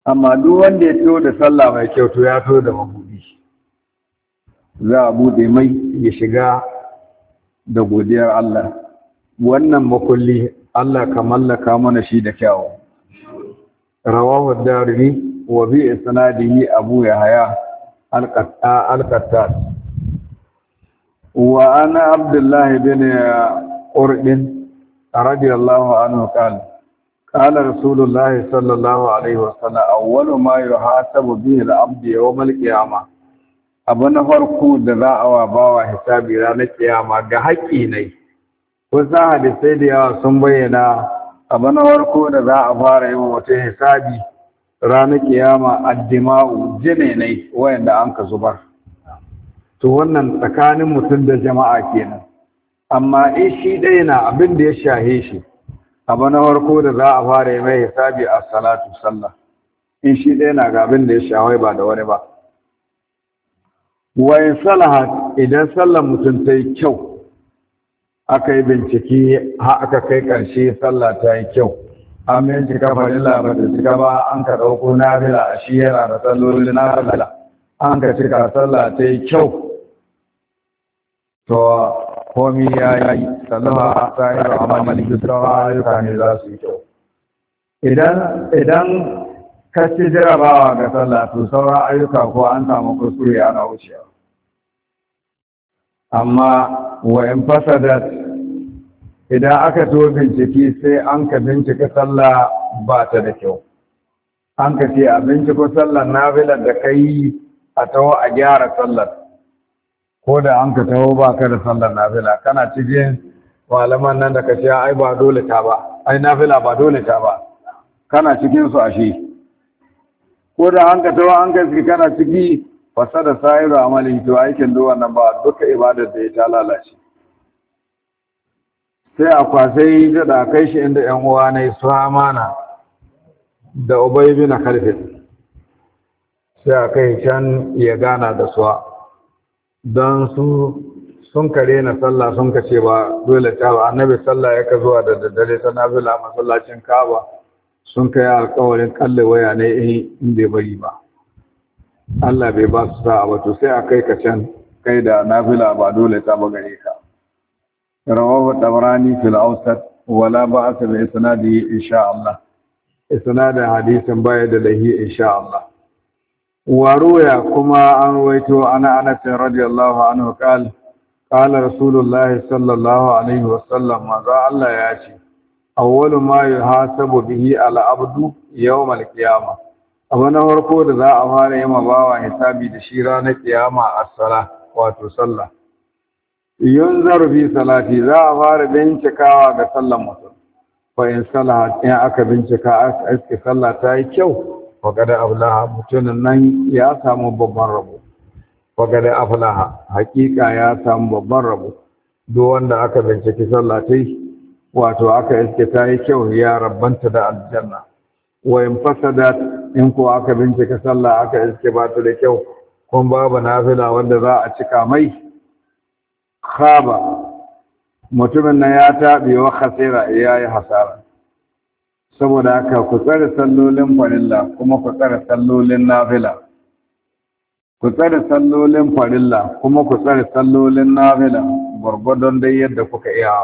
amma duk wanda ya fito da sallah mai kyau to ya fito da mabuɗi. za a buɗe mai ya shiga da godiyar Allah wannan makulli Allah ka mallaka mana shi da kyau. rawahu darimi wa bi isnadihi abu yahya al-qattan wa ana abdullah ibn urdin رضي الله عنه قال قال رسول الله صلى الله عليه وسلم أول ما يحاسب به العبد يوم القيامة abu na farko da za a wa bawa hisabi ranar kiyama ga haƙƙi ne kusa hadisai da yawa sun bayyana abu farko da za a fara yi wata hisabi ranar kiyama addima'u jine ne wayanda an ka zubar to wannan tsakanin mutum da jama'a kenan amma in shi ɗaya na abin da ya shahe shi abu na farko da za a fara yi mai hisabi a salatu sallah in shi ɗaya na ga abin da ya shahe ba da wani ba wayan salaha idan sallar mutum ta yi kyau aka yi binciki ha aka kai ƙarshe sallah ta yi kyau an bincika farilla ba ta cika ba an ka ɗauko nafila a shi yana da sallolin nafila an ka cika sallah ta yi kyau to komi ya yi salaha a sa'ir amali sauran ayyuka ne za su yi kyau idan ka ci jarabawa ga sallah to sauran ayyuka ko an samu kuskure ana wuce. amma wa in idan aka to bincike sai an ka bincika sallah ba ta da kyau an ka ce a binciko sallar nafilar da ka yi a tawo a gyara sallar ko da an ka taho ba ka da sallar nafila kana cikin malaman nan da ka ce ai ba dole ta ba ai nafila ba dole ta ba kana cikin su ashe ko da an ka taho an ka iske kana ciki fasa da sa'iru amalin to aikin da wannan ba duka ibadar da ya ta lalace sai a kwasai da da kai shi inda yan uwa na su amana da ubay bin karfe sai a kai can ya gana da suwa don su sun kare na sallah sun ka ba dole ta ba annabi sallah ya ka zuwa da daddare ta a masallacin kaba sun kai alkawarin kalle waya ne inda bai bari ba Allah bai ba su sa'a ba a kai ka can kai da nazila ba dole ta ba gare ka rawahu tabrani fil awsat wala ba'sa bi isnadi insha Allah isnadin hadisin baya da lahi insha Allah waruya kuma an waito ana anas radiyallahu anhu qal qala rasulullah sallallahu alaihi wasallam maza Allah ya ce awwalu ma yuhasabu bihi al-abdu yawm al-qiyamah abu na farko da za a fara yi bawa hisabi da shi ranar kiyama as-sala wato salla yunzaru fi salati za a fara bincikawa ga sallan mutum fa in salaha in aka bincika aske sallah ta yi kyau faƙada aflaha mutumin nan ya samu babban rabo faƙada aflaha hakika ya samu babban rabo duk wanda aka binciki sallatai wato aka iske ta yi kyau ya rabbanta da aljanna wa in fasada in ko aka binciki sallah aka iske ba ta da kyau kun babu nafila wanda za a cika mai khaba mutumin nan ya taɓe wa khasira ya yi hasara saboda haka ku tsare sallolin farilla kuma ku tsare sallolin nafila ku tsare sallolin farilla kuma ku tsare sallolin nafila gwargwadon dai yadda kuka iya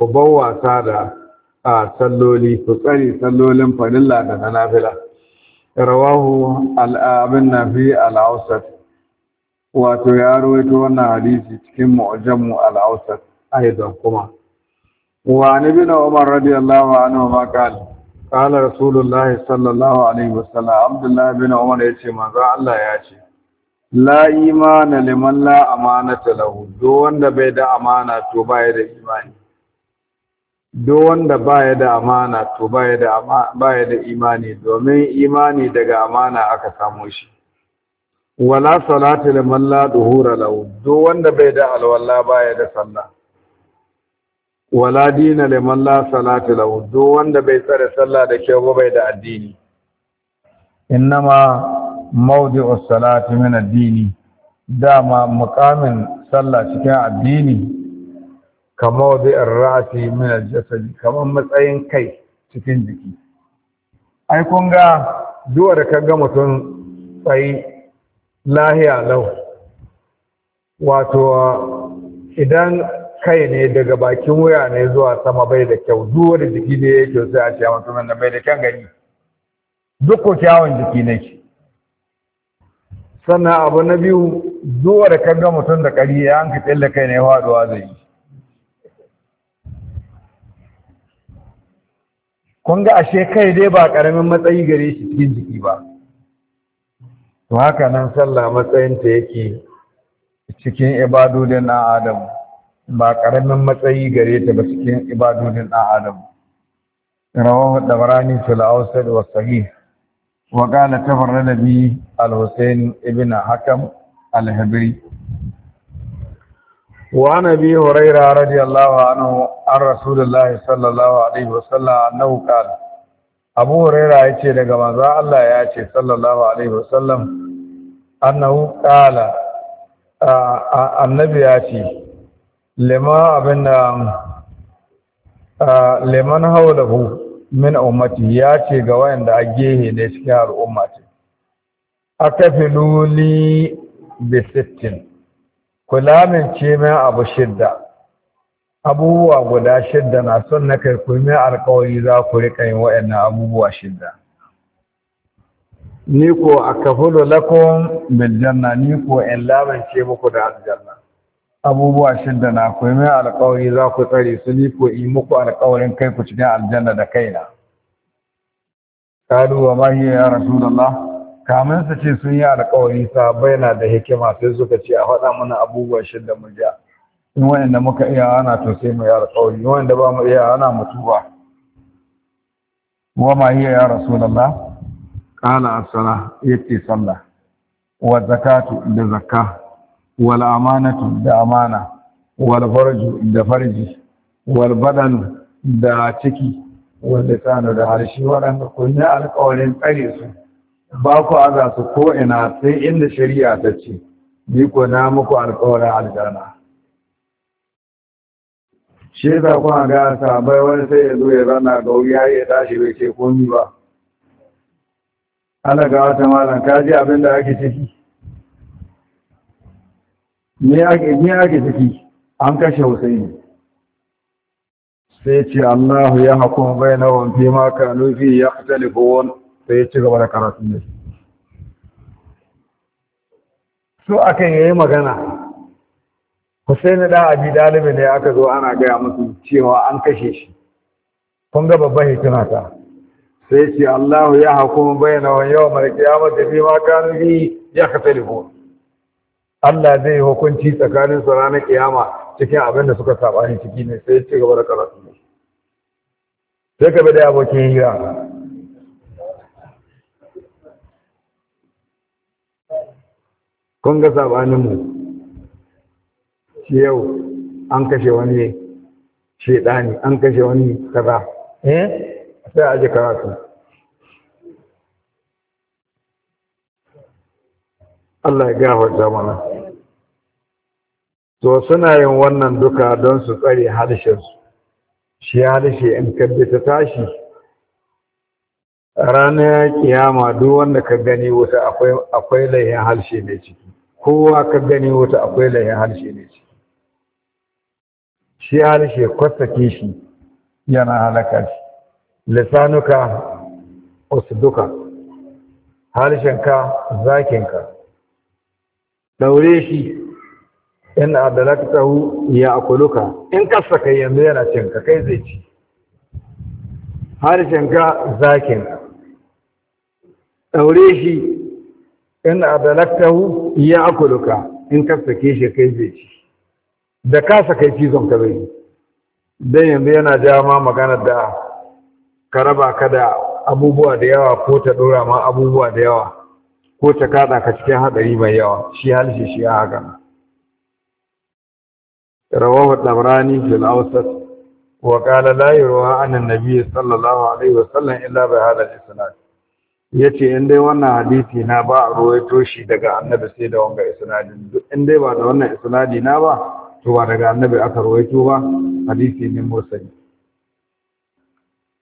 ku bar wasa da a salloli ku tsare sallolin farilla da na nafila rawahu al'abin nafi al'ausat wato ya rawaito wannan hadisi cikin mu'jamu al-awsat aidan kuma wa nabi na umar radiyallahu anhu ma qala Kala Rasulullahi sallallahu Alaihi wasallam Abdullahi bin Umar ya ce, Maza Allah ya ce, La imana liman la amanata lahu, do wanda bai da amana to baya da imani. Do wanda bai da amana to baya da imani domin imani daga amana aka samo shi. Wala salatu liman la duhura lahu, do wanda bai da alwala baya da sallah. wala dina man la salata lahu duk wanda bai tsare sallah da kyau ba bai da addini innama mawdi'u salati min addini dama muqamin sallah cikin addini ka mawdi'ir ra'si min aljasad kamar matsayin kai cikin jiki ai kun ga duwa da kaga mutum sai lahiya lau wato idan kai ne daga bakin wuya ne zuwa sama bai da kyau duk da jiki ne ya sai a ce mutum da bai da kyan gani duk ko kyawun jiki ne shi sannan abu na biyu zuwa da kaga mutum da kari ya hanka tsalle kai ne faduwa zai yi kun ga ashe kai dai ba karamin matsayi gare shi cikin jiki ba to haka nan sallah matsayinta yake cikin ibadodin na adamu ba ƙaramin matsayi gare ta ba cikin ibadodin ɗan adam rawahu dabrani fil awsad wa sahih wa qala tafarrada bi al-husayn ibn hakam al-habri Wa ابي هريره رضي Anhu An rasu da الله Sallallahu alaihi عليه وسلم انه قال ابو هريره yace daga maza Allah yace sallallahu alaihi wasallam annahu qala annabi ce. Leman abin da liman haulahu min ummati ya ce ga wayanda a gehe ne cikin al'umma ce aka kafi luli sittin kula min ce abu shidda abubuwa guda shidda na son na kai ku mai alkawari za ku riƙa yin waɗannan abubuwa shidda ni ko a kafulu lakum min janna ni ko in lamince muku da aljanna abubuwa shidda na ku mai alƙawari za ku tsare su ni ko yi muku alƙawarin kai ku cikin aljanna da kaina kalu wa mahi ya rasulullah kamin su ce sun yi alƙawari sahabbai na da hikima sai suka ce a faɗa mana abubuwa shidda mu ja in wanda muka iya ana to sai mu yi alƙawari wanda ba mu iya ana mutuwa wa mahi ya rasulullah kala asala ya yati sallah wa zakatu da zakka wal da amana wal da farji wal da ciki wanda tana da harshe waɗanda kun yi alƙawarin tsare su ba ku aza su ko sai inda shari'a ta ce ni ko na muku alƙawarin aljanna shi yasa kuma ga bai wani sai ya zo ya zana ga wuri har ya tashi bai ce komi ba ana ga wata malam ka ji abin da ake ciki ne ake tafi, an kashe husaini sai ce Allah ya hakuma bainahum fi ma ya fi yaqtalifun sai ci gaba da karatu ne so akan yayi magana Husaini da Abi da ne aka zo ana gaya musu cewa an kashe shi kun ga babban hikima ta sai ce Allah ya hakuma bainahum yawmal qiyamati fi ma ya fi yaqtalifun Allah zai hukunci tsakanin su ranar kiyama cikin abin da suka sabani ciki ne sai ci gaba da karatu sai ka bi da abokin hira kun ga mu shi yau an kashe wani shedani an kashe wani kaza eh sai a ji karatu Allah ya gafarta mana to suna yin wannan duka don su tsare harshensu shi harshe in bi ta tashi ranar kiyama duk wanda ka gani wuta akwai layin harshe ne ciki kowa ka gani wuta akwai layin harshe ne ciki shi harshe kwastake shi yana halaka shi lisanuka duka, harshenka zakinka daure shi in adalaktahu ya akuluka in kasa kai yanzu yana cin ka kai zai ci harshen ka zakin daure shi in adalaktahu ya akuluka in kasa kai shi kai zai ci da kasa kai cizon ka zai dan yanzu yana ja ma magana da ka raba ka da abubuwa da yawa ko ta dora ma abubuwa da yawa ko ta kada ka cikin hadari mai yawa shi hal shi a haka rawahu tabrani fil awsat wa qala la yurwa an annabi sallallahu alaihi sallam illa bi hadha al-isnad yace in dai wannan hadisi na ba a ruwaito shi daga annabi sai da wanga isnadin duk in dai ba da wannan isnadi na ba to ba daga annabi aka ruwaito ba hadisi ne musali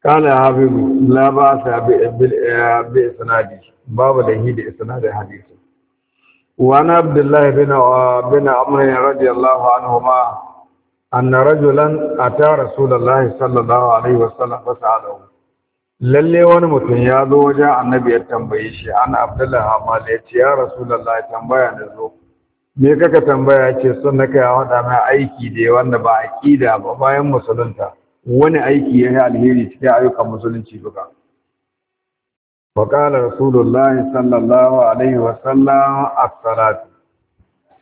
قال حافظ لا باس باسناده باب ده ده اسناد الحديث وعن عبد الله بن بن عمرو رضي الله عنهما ta رجلا أتى رسول الله صلى الله عليه وسلم فسأله lalle wani mutum ya zo wajen annabi ya tambaye shi an abdullahi hamala ya ce ya rasulallah tambaya na zo me kaka tambaya ce sun kai a wada mai aiki da wanda ba ƙida ba bayan musulunta wani aiki ya yi alheri cikin ayyukan musulunci duka وقال Rasulullah Sallallahu alaihi wa Sallam as الصلاة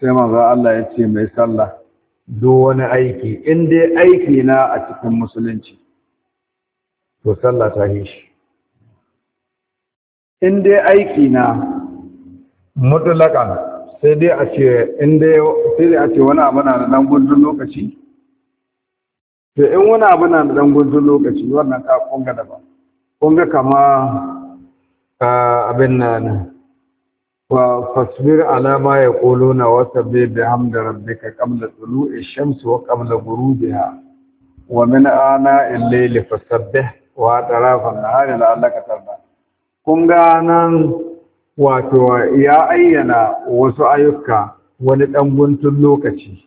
sai manzo Allah ya ce mai sallah duk wani aiki in dai aiki na a cikin musulunci to sallah ta yi shi in dai aiki na mutlakan sai dai a ce in dai sai dai a ce wani abu na nan gudun lokaci da in wani abu na dan gudun lokaci wannan ka kunga daban kunga kama abin nan wa fasbir ala ma yaquluna wa sabbih bihamdi rabbika qabla tulu'i shams wa qabla ghurubiha wa min ana al-layli fasabbih wa tarafa nahari la'allaka tarda kunga nan wato ya ayyana wasu ayyuka wani dan guntun lokaci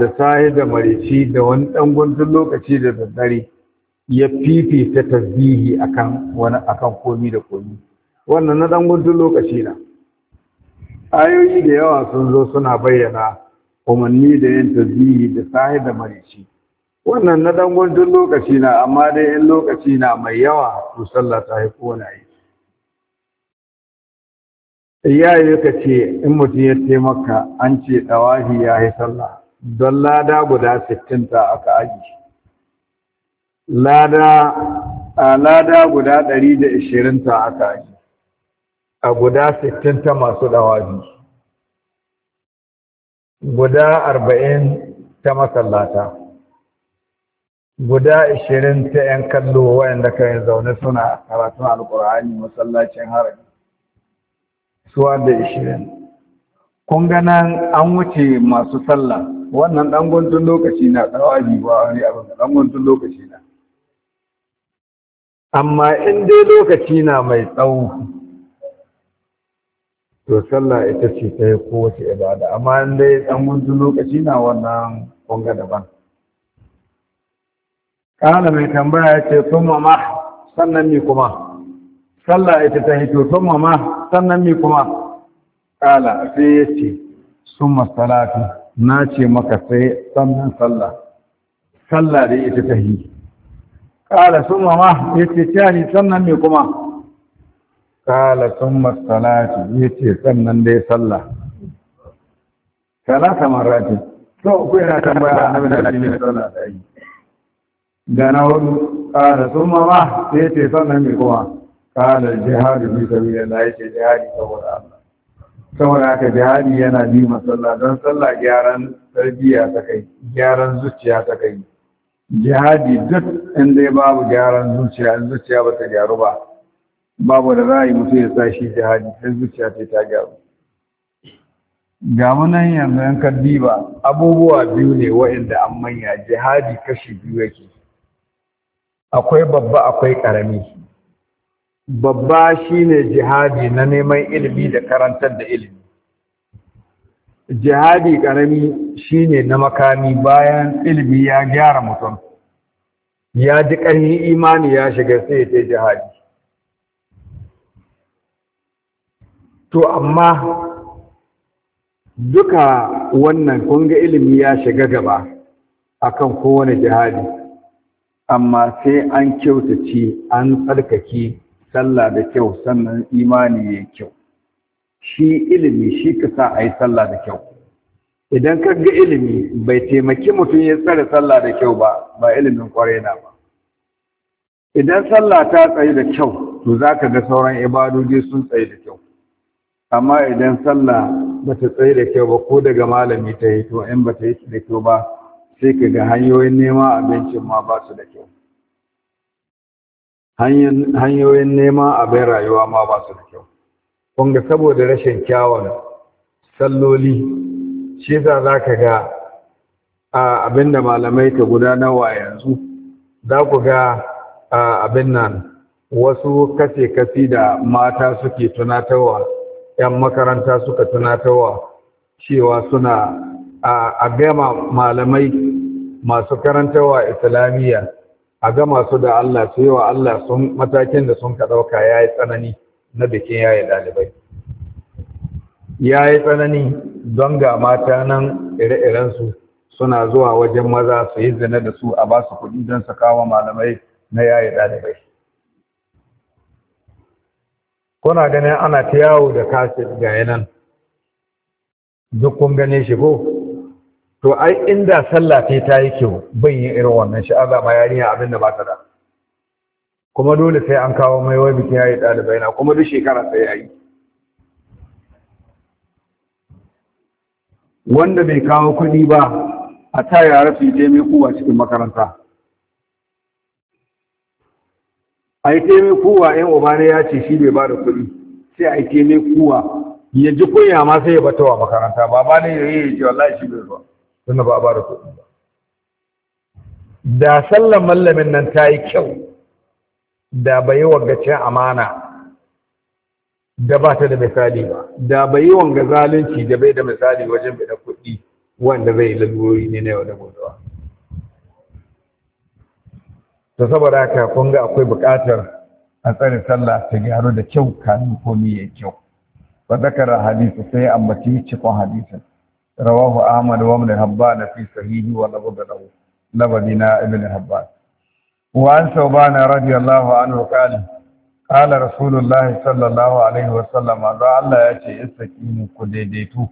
da sahi da marici da wani ɗan guntun lokaci da daddare ya fifita tasbihi akan wani akan komi da komi wannan na ɗan guntun lokaci na ayoyi da yawa sun zo suna bayyana umarni da yin tasbihi da sahi da marici wannan na ɗan guntun lokaci na amma dai yin lokaci na mai yawa to sallah ta yi ya yi ka ce in mutum ya taimaka an ce ɗawahi ya yi sallah don lada guda sittin ta aka aji lada a lada guda ɗari da ashirin ta aka aji a guda sittin ta masu ɗawahi guda arba'in ta masallata guda ashirin ta 'yan kallo wayanda kan zaune suna karatun alkur'ani masallacin harami suwa da ishirin kun gana an wuce masu sallah wannan ɗan guntun lokaci na tsawaji ba wani abin ɗan guntun lokaci na amma in dai lokaci na mai tsawo to sallah ita ce ta yi kowace ibada amma in dai ɗan guntun lokaci na wannan kunga daban ƙana mai tambaya ce sun mama sannan ni kuma sallah ita ta hito sun mama sannan me kuma Ƙala sai ya ce sun salatu na ce maka sai sannan sallah sallah da ita ta yi Ƙala sun mama ya ce tani sannan me kuma Ƙala sun salatu ya ce sannan dai sallah salata marati to ku yana tambaya annabi da addini sallah da yi da na hudu ƙala sun mama ya ce sannan me kuma kala jihadu da sabilillah yake jihadi saboda Allah saboda haka jihadi yana bi sallah don sallah gyaran tarbiyya ta kai gyaran zuciya ta kai jihadi duk in dai babu gyaran zuciya in zuciya ba ta gyaru ba babu da za a yi mutum ya sa shi jihadi sai zuciya ce ta gyaru ga munan yanzu yan ba. abubuwa biyu ne wa'inda an manya jihadi kashi biyu yake akwai babba akwai ƙarami. babba shine jihadi na neman ilimi da karantar da ilimi jihadi karami shine na makami bayan ilimi ya gyara mutum ya ji ƙarfin imani ya shiga sai ya ce jihadi to amma duka wannan kunga ilimi ya shiga gaba akan kowane jihadi amma sai an kyautace an tsarkake sallah da kyau sannan imani ya kyau shi ilimi shi ka sa a yi sallah da kyau idan ka ga ilimi bai taimaki mutum ya tsare sallah da kyau ba ba ilimin kwarai na ba idan sallah ta tsaye da kyau to za ka ga sauran ibadoji sun tsaye da kyau amma idan sallah ba ta tsaye da kyau ba ko daga malami ta yi to in ba ta yi da kyau ba sai ka ga hanyoyin neman abincin ma ba su da kyau hanyoyin neman abin rayuwa ma ba su da kyau kunga saboda rashin kyawun salloli shi za za ka ga abin da malamai ka gudanarwa yanzu za ku ga abin nan wasu kace-kace da mata suke tunatarwa 'yan makaranta suka tunatarwa cewa suna a gama malamai masu karantawa islamiyya a gama su da Allah su yi wa Allah sun matakin da sun ka ɗauka ya yi tsanani na bikin yaye ɗalibai ya yi tsanani don ga mata nan ire-irensu suna zuwa wajen maza su yi zina da su a ba su kuɗi don su kawo malamai na yi ɗalibai kuna ganin ana ta yawo da kaset ga yanan duk kun gane shi ko to ai inda sallah ta ta yi kyau bai yin irin wannan sha'aza ma yarinya abin da ba ta da kuma dole sai an kawo mai wai bikin yayi ɗalibai na kuma duk shekara sai yayi wanda bai kawo kuɗi ba a ta yara su je mai kuwa cikin makaranta a yi taimai kuwa yan obane ya ce shi bai ba da kuɗi sai a yi taimai kuwa ya ji kunya ma sai ya bata wa makaranta ba ba ne ya yi ya ji wallahi shi bai zuwa. tunda ba a ba da kuɗi ba da sallan mallamin nan ta yi kyau da bai yi wangacin amana da ba ta da misali ba da bai yi wanga zalunci da bai da misali wajen bai da kuɗi wanda zai yi lalurori ne na yau da gobe ta saboda haka kun ga akwai buƙatar a tsare sallah ta gyaru da kyau kanin komi ya kyau Ba zakara hadisi sai ambaci cikon hadisin rawahu ahmad wa ibn habban fi sahihi wa labadahu labadina ibn habban wa an sauban radiyallahu anhu qala qala sallallahu alaihi wa sallam da Allah ya ce istaqimu ku daidaitu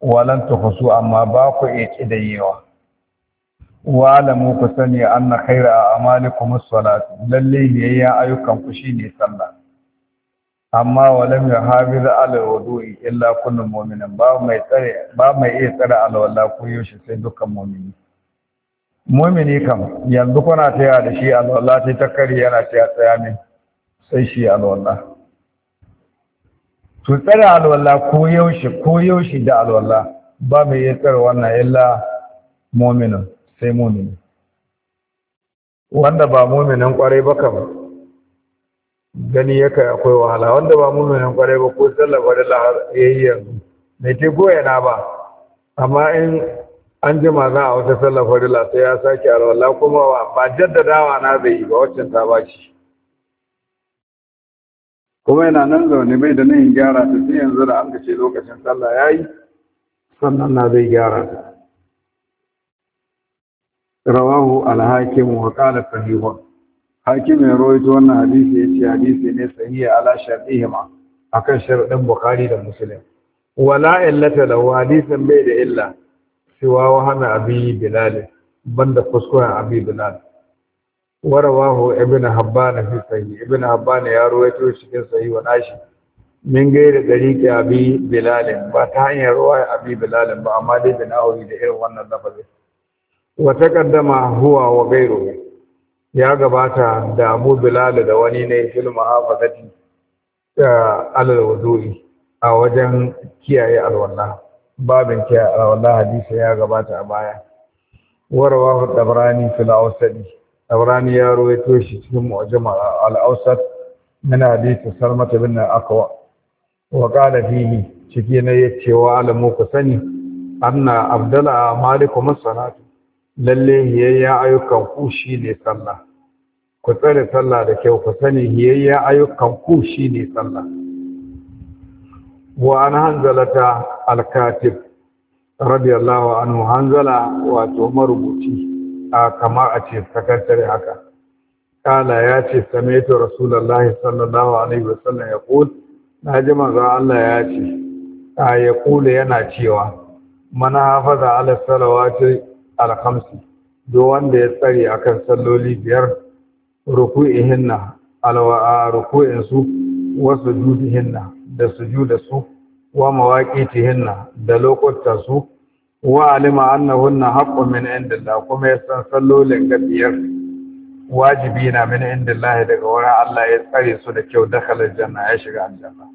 walan tuhsu amma ba ku iya kidayewa wa alamu ku sani anna khayra a'malikum as-salat lalle ne ya ayyukan ku shine sallah amma walam ya hafiz ala wudu'i illa kullum mu'minin ba mai tsare ba mai iya tsare alwala ko yaushe sai dukkan mu'mini mu'mini kam yanzu kuna taya da shi alwala sai ta kare yana taya tsaya ne sai shi alwala to tsare alwala ko yaushe ko yaushe da alwala ba mai iya tsare wannan illa mu'minin sai mu'mini wanda ba muminin kwarai ba kam gani yaka kai akwai wahala wanda ba muminin kwarai ba ko sallar farilla ya yi yanzu mai goya na ba amma in an jima za a wata sallar farilla sai ya sake alwala kuma ba jaddadawa na zai yi ba waccan ta ba shi kuma yana nan zaune bai da nan gyara ta sai yanzu da an kace lokacin sallah ya yi sannan na zai gyara ta rawahu alhakim wa qala sahihun hakim ya rawaito wannan hadisi yace hadisi ne sahihi ala shartihima akan sharadin bukhari da muslim wala illata lahu hadisin bai da illa siwa wa hana abi bilal banda kuskuren abi bilal warawahu ibn habban fi sahi ibn habban ya rawaito cikin sahi wa nashi min gaira dariki abi bilal ba ta hanyar ruwa abi bilal ba amma dai binawi da irin wannan lafazin wa taqaddama huwa wa ghayruhu ya gabata da abu bilal da wani ne fil muhafazati alal wudu'i a wajen kiyaye alwala babin kiyaye alwala hadisi ya gabata a baya warawahu dabrani fil awsadi dabrani ya ruwaito shi cikin mu'jama al awsad min hadisi salmat bin aqwa wa qala fihi ciki ne yace wa alamu ku sani anna abdala maliku masanatu lalle hiyayya ayyukan ku shi ne sallah ku tsare sallah da kyau ku sani hiyayya ayyukan ku shi ne sallah wa an hanzalata al-katib radiyallahu anhu hanzala wato marubuci a kamar a ce sakantare haka kala ya ce samaitu rasulullahi sallallahu alaihi wasallam ya qul na ji manzon Allah ya ce a ya kula yana cewa mana hafaza ala salawati alhamsi Do wanda ya tsare kan salloli biyar ruku'ihinna alwa ruku'in su wa sujudihinna da sujuda su wa mawaqitihinna da lokutan su wa alima annahunna mini min indillah kuma ya san sallolin ga biyar wajibi na min indillah daga wurin Allah ya tsare su da kyau dakhalar janna ya shiga aljanna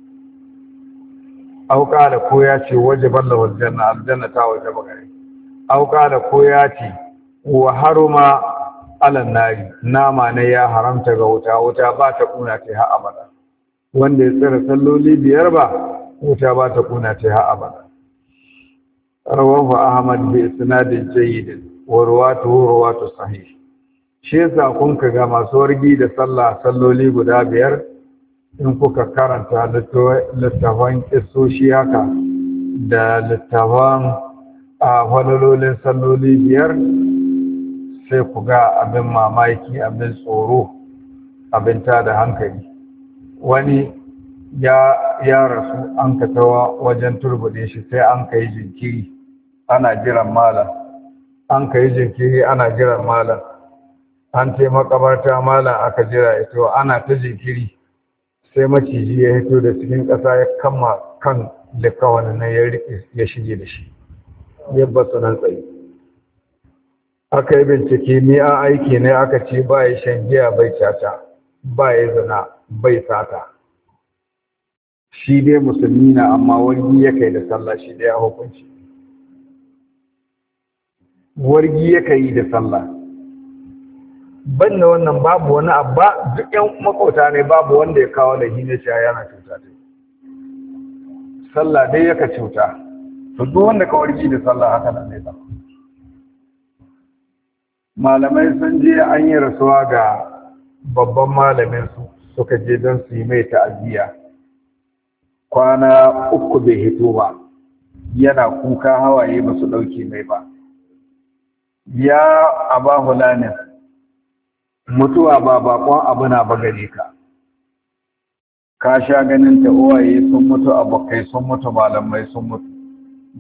auka da ko ya ce wajiban lahu aljanna aljanna ta wajaba gare auka da ko ya ce wa haruma alan nari nama ne ya haramta ga wuta wuta ba ta kuna ta ha abada wanda ya tsira salloli biyar ba wuta ba ta kuna ta ha abada rawahu ahmad bi isnadin jayyid wa rawatu rawatu sahih shi yasa kun ga masu wargi da sallah salloli guda biyar in kuka karanta littafan kisoshi haka da littafan a falalolin salloli biyar sai ku ga abin mamaki abin tsoro abin ta da hankali wani ya rasu an katawa wajen turbude shi sai an ka yi jinkiri ana jiran malam an ka yi jinkiri ana jiran malam an taimakabarta malam aka jira ito ana ta jinkiri sai maciji ya hito da cikin ƙasa ya kama kan likawanin ya riƙe ya shige da shi yabba sunan tsaye aka yi bincike ni a aiki ne aka ce ba ya shan giya bai caca ba ya zina bai sata shi dai musulmi na amma wargi ya kai da sallah shi dai ya hukunci wargi ya kai da sallah ban da wannan babu wani abba duk yan makauta ne babu wanda ya kawo da hina shi yana cuta dai sallah dai yaka cuta to duk wanda ka warki da sallah haka da nesa. malamai sun je an yi rasuwa ga babban malamin su suka je don su yi mai ta'aziyya kwana uku bai hito ba yana kuka hawaye ba su ɗauke mai ba ya abahu lanin mutuwa ba bakon abu na ba gare ka ka sha ganin ta uwaye sun mutu abokai sun mutu malamai sun mutu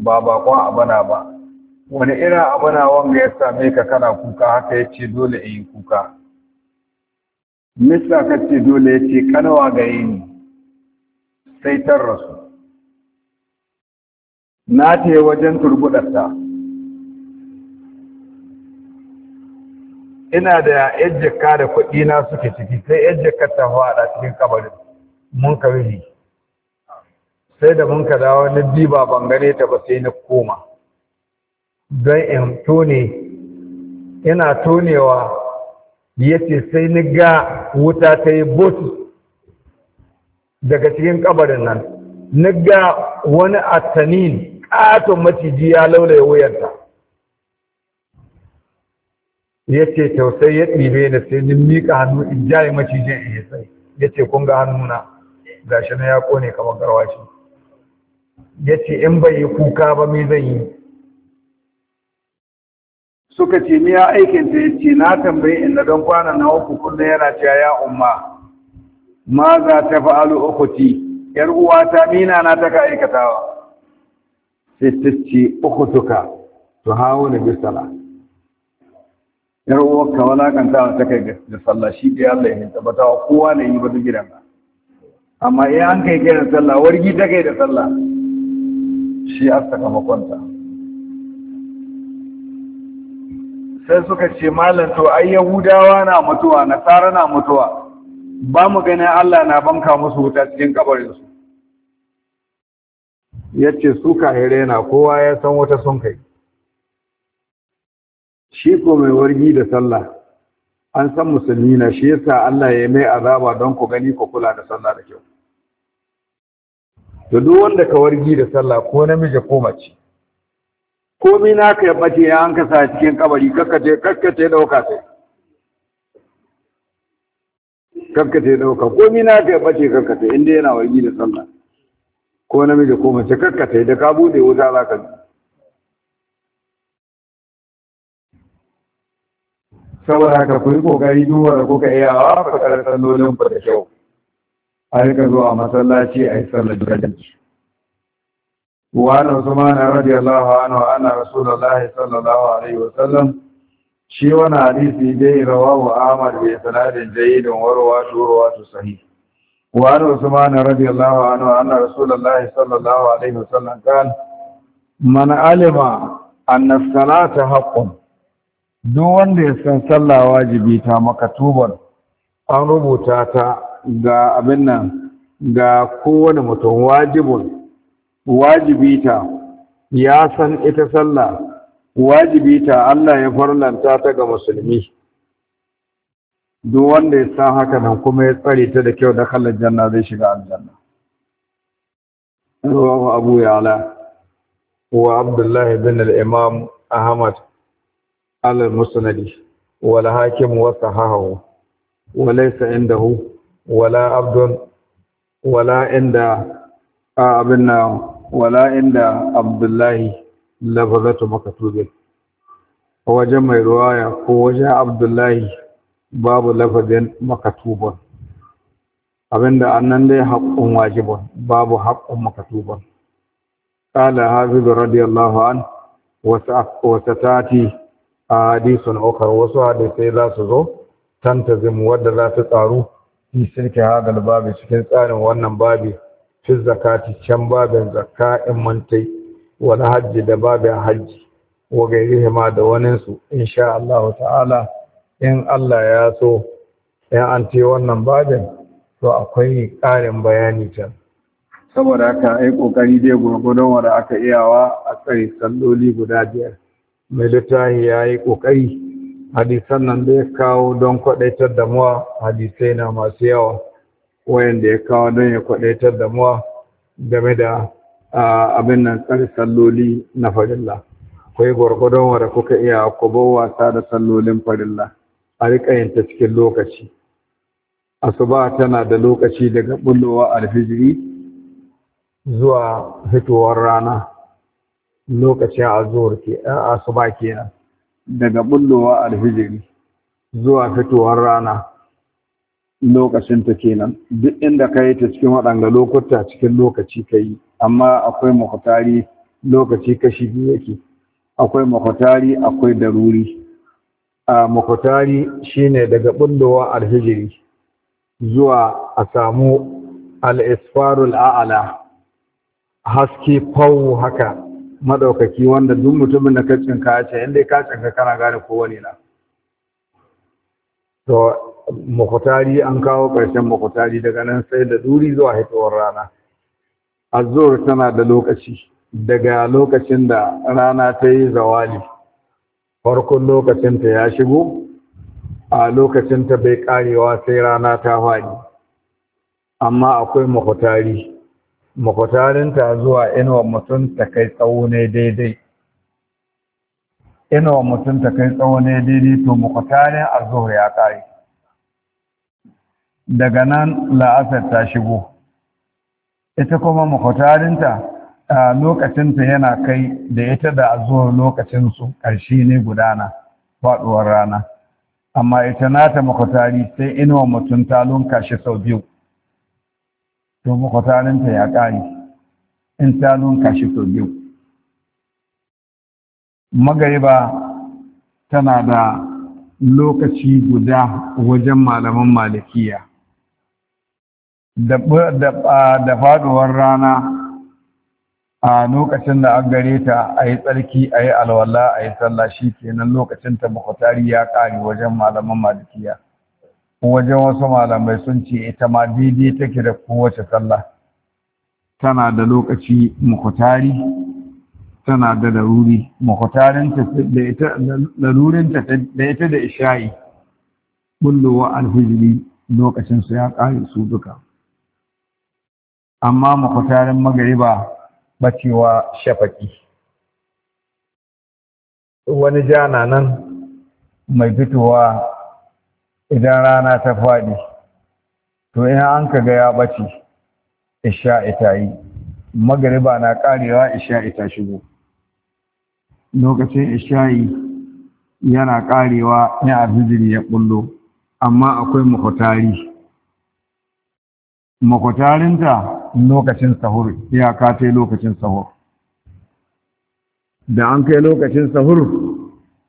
ba bakon abana ba wani irin abana wanga ya same ka kana kuka haka ya ce dole in yi kuka mista ka ce dole ya ce kanawa yi ne, sai tar rasu na ta wajen turbudarta ina da yajjaka da kuɗi na suke ciki sai yajjaka ta faɗa cikin kabarin mun kawai sai da mun ka dawo na diba ban gane ta ba sai na koma don in tone ina tonewa yace sai ni ga wuta ta yi botu daga cikin kabarin nan ni ga wani atanin katon maciji ya laulaye wuyarta ya ce tausai ya ɗibe da sai ni miƙa hannu in jaye macijin in yi sai ya ce kun ga hannuna gashi na ya kone kamar garwashi ya ce in bai yi kuka ba mai zan yi suka ce ni ya aikin ta ya ce na tambayi inda don kwana na uku kullum yana cewa ya umma ma za ta fa'alu ukuti yar uwa ta mina na ta ka aikatawa sai ta ce ukutuka to hawo ne bi sala yar uwa ka kan ta kai da sallah shi dai Allah ya tabbata kowa ne yi ba gidan ba amma iya an kai da sallah wargi ta kai da sallah shi a sakamakonta sai suka ce malanto ai yahudawa na mutuwa nasara na mutuwa ba mu ganin allah na banka musu wuta cikin kabarinsu ya ce su kahire kowa ya san wata sun kai shi ko mai wargi da sallah an san musulmi na shi yasa allah ya mai azaba don ku gani ku kula da sallah da kyau to duk wanda ka wargi da sallah ko namiji ko mace komai naka ya bace ya an kasa cikin kabari kakkace kakkace dauka sai kakkace dauka komai naka ya bace kakkace inda yana wargi da sallah ko namiji ko mace kakkace da ka bude wuta za ka saboda haka ku yi kokari duk wanda kuka iya wa ka karantar nolin ku da kyau a rika zuwa masallaci a sallar jirage. Wa na Usama na rabi Allah wa ana wa ana Rasulullah sallallahu Alaihi Sallam? shi wani hadisi dai rawa wa Ahmad bai sanadin jayidin warwa shuruwa su sahi. Wa na Usama na rabi Allah wa ana wa ana Rasulullah sallallahu Alaihi Sallam kan mana alima an na salata haƙƙun. Duk wanda ya san sallah wajibi ta maka tubar an rubuta ta ga abin nan ga kowane mutum wajibun wajibi ta ya san ita sallah wajibi ta Allah ya farlanta ta ga musulmi duk wanda ya san haka nan kuma ya tsare ta da kyau da kallon janna zai shiga aljanna رواه أبو يعلى وعبد ahmad al-musnadi wal hakim wa sahahu wa laysa indahu wala abdun wala inda abin nan wala inda abdullahi lafazatu makatubin wajen mai ruwaya ko wajen abdullahi babu lafazin makatubun abinda annan dai haƙƙun wajibun babu haƙƙun makatubun qala hafizu radiyallahu an wata tati a hadisun okar wasu hadisai za su zo tantazimu wadda za su tsaru fi sirki hadal babi cikin tsarin wannan babi fi zakati can babin zakka in mantai wani hajji da babin hajji wa gairihi ma da waninsu insha Allah ta'ala in Allah ya so Ya an wannan babin to akwai ƙarin bayani can saboda aka yi ƙoƙari dai gurgudun wanda aka iyawa a tsari salloli guda biyar mai littafi ya yi ƙoƙari? hadisan nan da ya kawo don kwadaitar da muwa hadisai na masu yawa wayanda ya kawo don ya kwadaitar da muwa game da abin nan tsari salloli na farilla yi gwargwadon wadda kuka iya ku wasa da sallolin farilla a riƙa yin ta cikin lokaci asuba tana da lokaci daga bullowa alfijiri zuwa fitowar rana lokacin azur ke asuba kenan daga bullowa alhijiri zuwa fitowar rana lokacin ta kenan duk inda ka yi ta cikin waɗanga lokuta cikin lokaci ka yi amma akwai makwatari lokaci kashi biyu yake akwai makwatari akwai daruri a makwatari shine daga bullowa alhijiri zuwa a samu al'isfarul a'ala haske fawo haka madaukaki wanda duk mutumin da ka cinka ce inda ka cinka kana gane ko wani na to mukutari an kawo ƙarshen mukutari daga nan sai da duri zuwa hitowar rana azur tana da lokaci daga lokacin da rana ta yi zawali farkon lokacinta ya shigo a lokacinta bai karewa sai rana ta fadi amma akwai mukutari makwatarinta zuwa inuwa mutum ta kai tsawo ne daidai inuwa mutum ta kai tsawo ne daidai to makwatarin zuwa ya kare daga nan la'asar ta shigo ita kuma makwatarinta a lokacinta yana kai da ita da zuwa lokacinsu ƙarshe ne gudana faɗuwar rana amma ita nata makwatari sai inuwa mutum ta lunka shi sau biyu to makwatarinta ya ƙari in ta nunka shi sau biyu magariba tana da lokaci guda wajen malaman malikiya da faɗuwar rana a lokacin da an gare ta a yi tsarki a yi alwala a yi sallah shi kenan lokacin ta bukatari ya ƙare wajen malaman malikiya wajen wasu malamai sun ce ita ma daidai take da kowace sallah tana da lokaci mukutari tana da laruri ta da ita da ita da isha'i bullowa alhijiri lokacin su ya kare su duka amma mukutarin magariba bacewa shafaki wani jana nan mai fitowa idan rana ta faɗi to in an ka ga ya ɓace isha'i ta yi magariba na ƙarewa isha'i ta shigo lokacin isha'i yana ƙarewa a abijiri ya ƙullo amma akwai makwatari makwatarinta lokacin sahur iyaka ta lokacin sahur da an kai lokacin sahur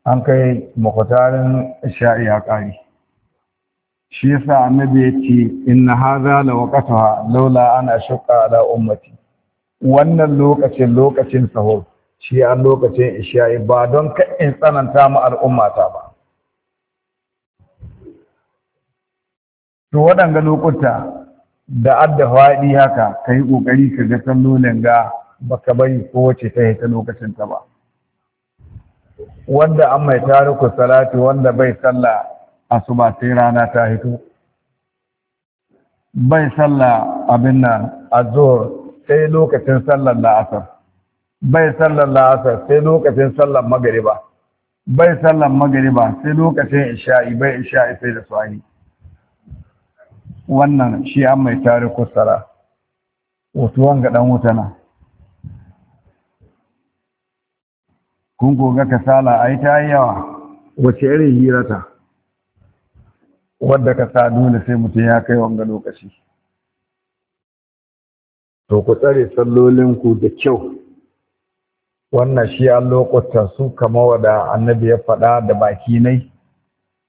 an kai makwatarin isha'i ya ƙare shi yasa annabi ya ce inna hadha la waqtaha laula ana shaqqa ala ummati wannan lokacin lokacin sahur shi an lokacin isha'i ba don ka in tsananta mu al'ummata ba to waɗanga lokuta da adda faɗi haka ka yi ƙoƙari ka ga sallolin ga baka bari kowace ta yi lokacin ta ba wanda an mai tariku salatu wanda bai sallah asuba sai rana ta hito bai sallah abin nan zuwa sai lokacin sallar la'asar bai sallar la'asar sai lokacin sallar magariba bai sallar magariba sai lokacin isha'i bai isha'i sai da swani wannan shi an mai tare kusara wasu wanga dan wutana kun goga kasala ai ta yawa wace irin hirata wadda ka sa dole sai mutum ya kai wanga lokaci to ku tsare sallolinku da kyau wannan shi an lokuta su kama wada annabi ya faɗa da baki nai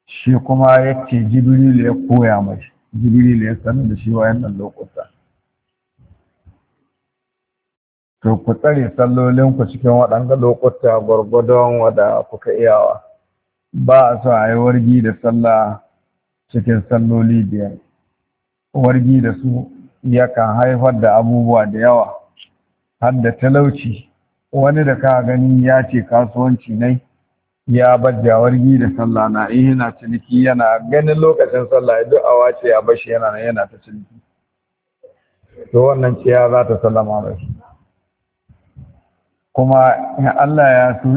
shi kuma ya ce jibrilu ya koya mai jibrilu ya sanar da shi wayannan lokuta to ku tsare sallolinku cikin waɗanda lokuta gwargwadon wada kuka iyawa ba a so a yi wargi da sallah cikin salloli biyar wargi da su yakan haifar da abubuwa da yawa har da talauci wani da ka gani ya ce kasuwanci ne ya bajja wargi da sallah na in yana ciniki yana ganin lokacin sallah ya duk awa ce ya bashi yana nan yana ta ciniki to wannan ciya za ta sallama mai kuma in Allah ya su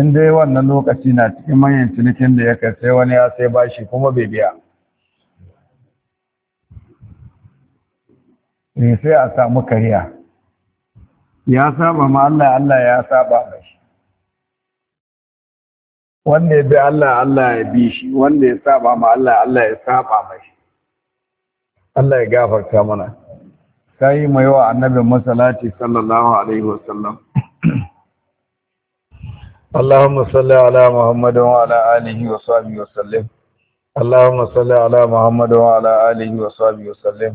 in dai wannan lokaci na cikin manyan cinikin da ya kai sai wani ya sai bashi kuma bai biya ne sai a samu kariya ya saba ma Allah Allah ya saba mai wanda ya bi Allah Allah ya bi shi wanda ya saba ma Allah Allah ya saba mai Allah ya gafarta mana yi mai wa annabin masalaci sallallahu alaihi wasallam اللهم صل على محمد وعلى آله وصحبه وسلم اللهم صل على محمد وعلى آله وصحبه وسلم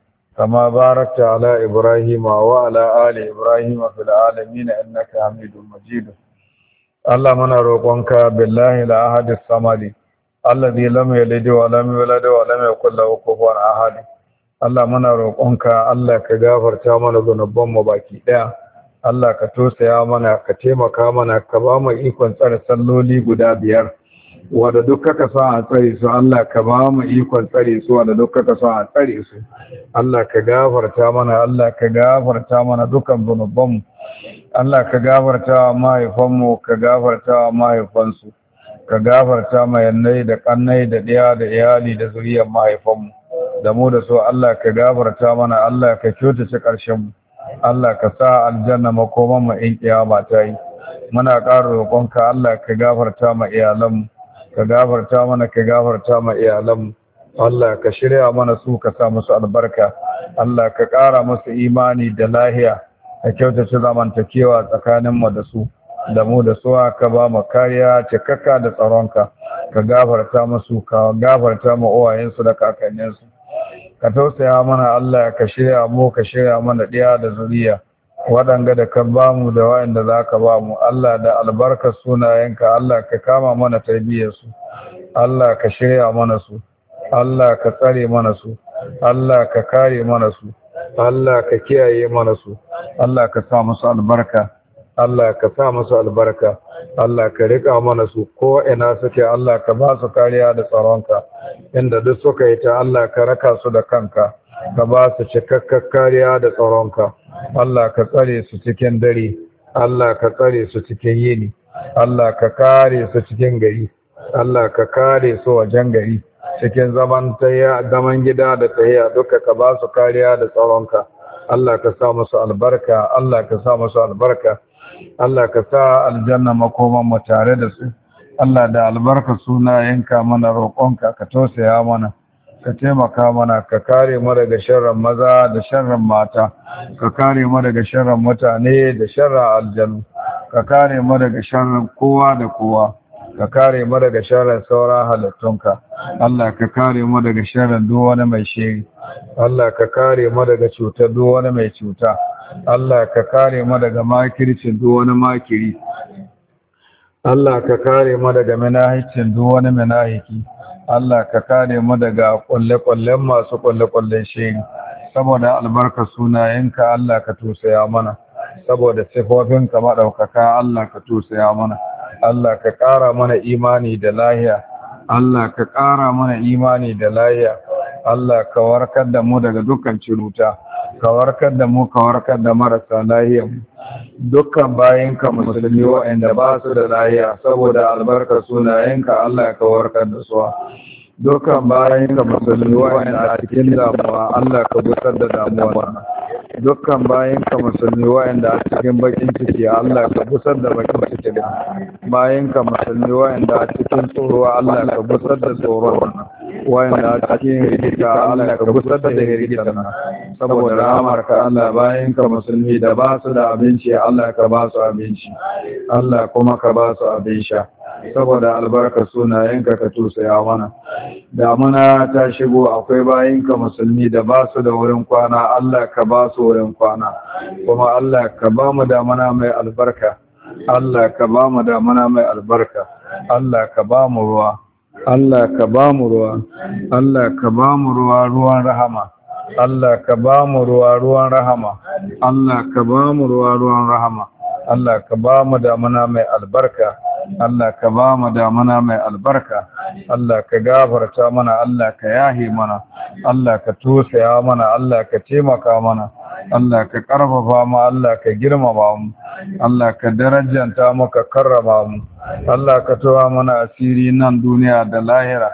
كما باركت على إبراهيم وعلى آل إبراهيم في العالمين إنك حميد مجيد الله من نروقك بالله أحد الصمد الذي لم يلد ولم يولد ولم يكن له كفوا أحد اللهم نروقك الله كغفرتا mana zunubanmu baki ɗaya. Allah ka tosaya mana ka taimaka mana ka ba mu ikon tsare salloli guda biyar wanda duk kaka sa a tsare su Allah ka ba mu ikon tsare su wanda duk kaka sa a tsare su Allah ka gafarta mana Allah ka gafarta mana dukan zunubanmu Allah ka gafarta mahaifanmu ka gafarta mahaifansu ka gafarta mayannai da kannai da ɗiya da iyali da zuriyar mahaifanmu da mu da su Allah ka gafarta mana Allah ka kyautace ƙarshenmu Allah ka sa aljanna makoman mu in kiyama ta yi muna ƙara roƙonka Allah ka gafarta ma iyalanmu ka gafarta mana ka gafarta ma iyalanmu Allah ka shirya mana su ka sa musu albarka Allah ka ƙara musu imani da lahiya ka kyautata zamantakewa tsakaninmu da su da mu da su ka ba mu kariya cikakka da tsaronka ka gafarta musu ka gafarta ma uwayensu da kakanninsu ka tausaya mana Allah ka shirya mu ka shirya mana ɗiya da zuriya waɗanga da ka ba mu da waɗanda za ka ba mu Allah da albarkar sunayenka Allah ka kama mana tarbiyyarsu Allah ka shirya mana su Allah ka tsare mana su Allah ka kare mana su Allah ka kiyaye mana su Allah ka sa musu albarka Allah ka sa musu albarka Allah ka rika mana su ko ina suke Allah ka ba su kariya da tsaronka inda duk suka yi ta Allah ka raka su da kanka ka ba su cikakkar kariya da tsaronka Allah ka tsare su cikin dare Allah ka tsare su cikin yini Allah ka kare su cikin gari Allah ka kare su wajen gari cikin zaman zaman gida da a duka ka ba su kariya da tsaronka Allah ka sa musu albarka Allah ka sa musu albarka Allah ka sa aljanna makoman mu tare da su Allah da albarka sunayenka mana roƙonka ka tausaya mana ka taimaka mana ka kare mu daga sharran maza da sharran mata ka kare mu daga sharran mutane da sharran aljanu ka kare mu daga sharran kowa da kowa ka kare mu daga sharrin sauran halittunka Allah ka kare mu daga sharrin duk wani mai shiri Allah ka kare mu daga cuta duk wani mai cuta Allah ka kare mu daga makircin duk wani makiri Allah ka kare mu daga minahicin duk wani minahiki Allah ka kare mu daga kwalle-kwallen masu kwalle-kwallen shiri saboda albarka sunayenka Allah ka tusaya mana saboda sifofinka maɗaukaka Allah ka tusaya mana Allah ka ƙara mana imani da lahiya Allah ka ƙara mana imani da lahiya Allah ka warkar da mu daga dukkan ciruta ka warkar da mu ka warkar da marasa lahiya dukkan bayanka musulmi waɗanda ba su da lahiya saboda albarkar sunayenka Allah ka warkar da su dukkan bayan ga musulmi wa'anda a cikin damuwa Allah ka busar da damuwa dukkan bayan ka musulmi wa'anda a cikin bakin ciki Allah ka busar da bakin ciki bayan ka musulmi wa'anda a cikin tsoro Allah ka busar da tsoron wa'anda a cikin rigita Allah ka busar da rigitan saboda rahamar ka Allah bayan ka musulmi da ba su da abinci Allah ka ba su abinci Allah kuma ka ba su abin sha saboda albarka sunayenka ka tusaya mana damuna ta shigo akwai bayinka musulmi da ba su da wurin kwana Allah ka ba su wurin kwana kuma Allah ka ba mu damuna mai albarka Allah ka ba mu damuna mai albarka Allah ka ba mu ruwa Allah ka ba mu ruwa Allah ka ba mu ruwa ruwan rahama Allah ka ba mu ruwa ruwan rahama Allah ka ba mu ruwa ruwan rahama Allah ka ba mu damuna mai albarka Allah ka ba mu damana mai albarka Allah ka gafarta mana Allah ka yahe mana Allah ka tosaya mana Allah ka taimaka mana Allah ka ƙarfafa mu Allah ka girmama mu Allah ka darajanta mu ka karrama mu Allah ka towa mana asiri nan duniya da lahira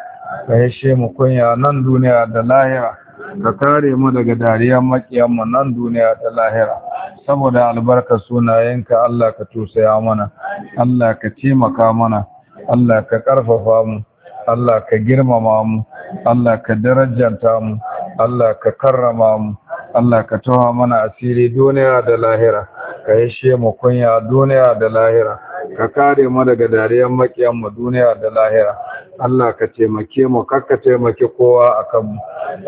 ka yashe mu kunya nan duniya da lahira ka kare mu daga dariyar mu nan duniya da lahira saboda albarkar sunayenka Allah ka tusaya mana Allah ka taimaka mana Allah ka karfafa mu Allah ka girmama mu Allah ka darajanta mu Allah ka karrama mu Allah ka tawa mana asiri duniya da lahira ka yi mu kunya duniya da lahira ka kare mu daga dariyar mu duniya da lahira Allah ka taimake mu kakka taimake kowa akan mu.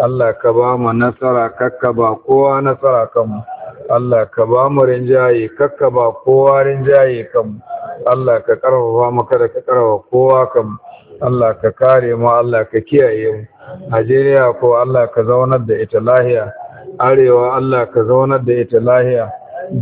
Allah ka ba mu nasara kakka ba kowa nasara kan mu. Allah ka ba mu rinjaye kakka ba kowa rinjaye kan mu. Allah ka karfafa mu kada ka karfafa kowa kan mu. Allah ka kare mu Allah ka kiyaye mu Najeriya ko Allah ka zaunar da ita lahiya arewa Allah ka zaunar da ita lahiya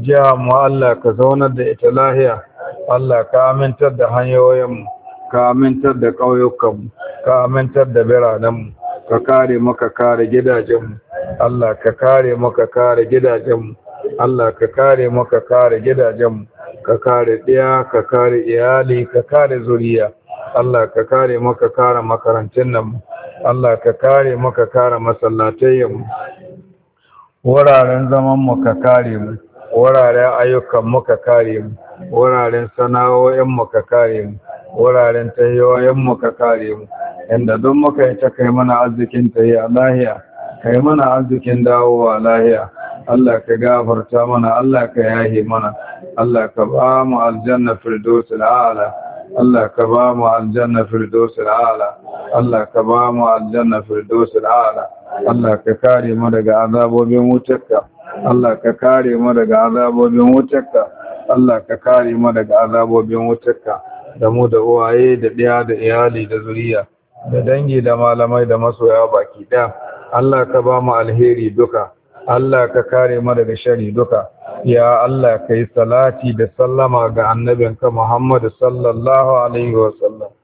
jiha mu Allah ka zaunar da ita lahiya Allah ka amintar da hanyoyinmu ka amintar da ƙauyukanmu ka amintar da biranenmu ka kare maka kare gidajenmu Allah ka kare maka kare gidajenmu Allah ka kare maka kare gidajenmu ka kare ɗaya ka kare iyali ka kare zuriya Allah ka kare maka kare makarantun nan Allah ka kare maka kare masallatayen wuraren zaman mu ka kare mu wuraren ayyukan mu ka kare mu wuraren sana'o'in mu ka kare mu wuraren tahiyoyin mu ka kare mu inda duk muka yi ta kai mana arzikin tahiya lahiya kai mana arzikin dawowa lahiya Allah ka gafarta mana Allah ka yahi mana Allah ka ba mu aljanna firdausul a'la Allah ka ba mu aljanna firdausul a'la Allah ka ba mu aljanna firdausul a'la Allah ka kare mu daga azabobin wutarka Allah ka kare mu daga azabobin wutarka Allah ka kare mu daga azabobin wutarka da mu da uwaye da ɗaya da iyali da zuriya da dangi da malamai da masoya baki ɗaya Allah ka ba mu alheri duka Allah ka kare mu daga shari duka ya Allah ka yi salati da sallama ga annabinka Muhammad sallallahu alaihi wa sallam